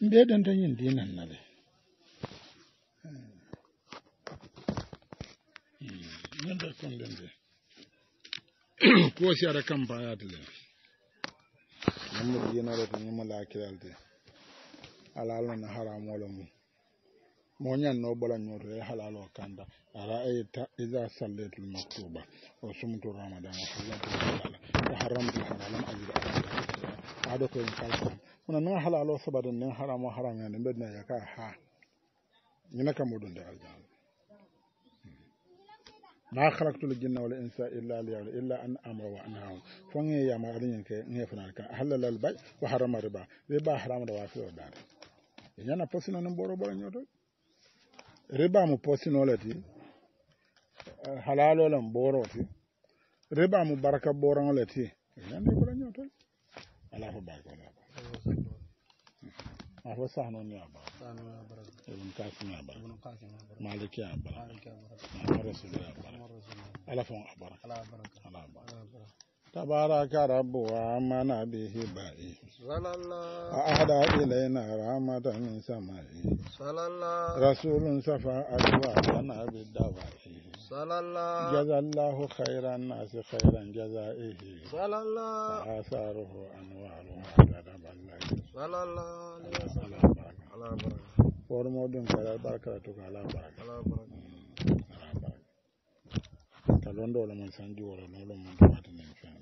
mbeɗen tan yin dinan nale nanda konɗen de kosi aɗa kam bayade len na yinore ni mala hakkilal de ala alana haramolo mum mo ñanno ɓola ñoto e halal o kanda ara ayta e iza e salletul maktuba o sumtu ramadan o hallatul halala o haramtul haralam ajira ka do ko kalsa kuna nan halalo sabadin nan haramo haram ya nan bedna ya ka ha nyina kam mudun da aljan ma khalaqtu al jinna wal insa illa liya'budu illa an amra wa anha fonge ya ma alin ke ne fana ka halal al bay wa harama riba riba haram da wafi o dar nyana posina nan boro boro nyoto riba mu posino lati halalo lan boro ti riba mu baraka boro lati nyana ko nyoto ala fo bakara a fo sahnon ya bara ibn kasim ya bara maliki ya bara ma rasul ya bara ala fon abara ala bara تبارك رب وعمنا به بائه وأهدى إلينا رحمة من سمائه رسول صفى أدواتنا بالدواء جزى الله خير الناس خيرا جزائه وآثاره أنوارها غضب الله صلى الله عليه وسلم على بركة ورمودن على بركة على بركة على بركة kalon da wala man sanji wala no lo man tawata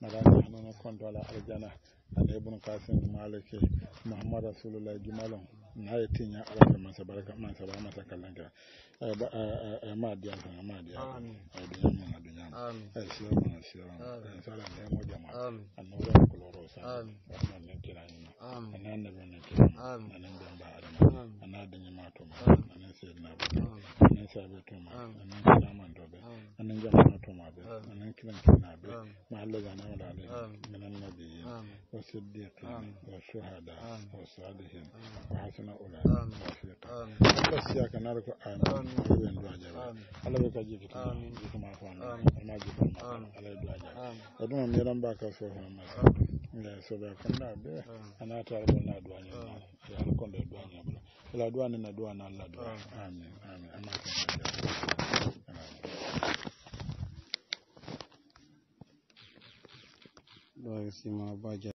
na naɗaɗo hanone kontola aljana a ibnu kasim malike mahamad rasulullah jimalin na yi tinya ala masa barka masa ba masa kallon kira ma diya sana ma diya a duniya mun a duniya mun a siya mun a siya mun a sala ne mu jama'a a nura da kuloro a nan ne kira ni a nan ne ne kira a nan dan ba adama a nan dan a nan sai na a nan sai ba a nan kira man a nan jama'a to ma be a nan kiran kina be ma Allah ga nan da ne nan nabiyyi wa siddiqin wa shuhada wa salihin wa hasan janna ola nafasi yake naala ko amin ewen duwa jaɓe allah ɓe ka jefita jikuma fona alma jikuma ala e duwa jaɓe ko ɗum mi yeɗanmba ka sofanma eyi soɓe konna ɓe anata ala bonna duwaña ala konɗo e duwaña ɓula ala duwane na duwana allah duwa amin amin amma ɗo sima baja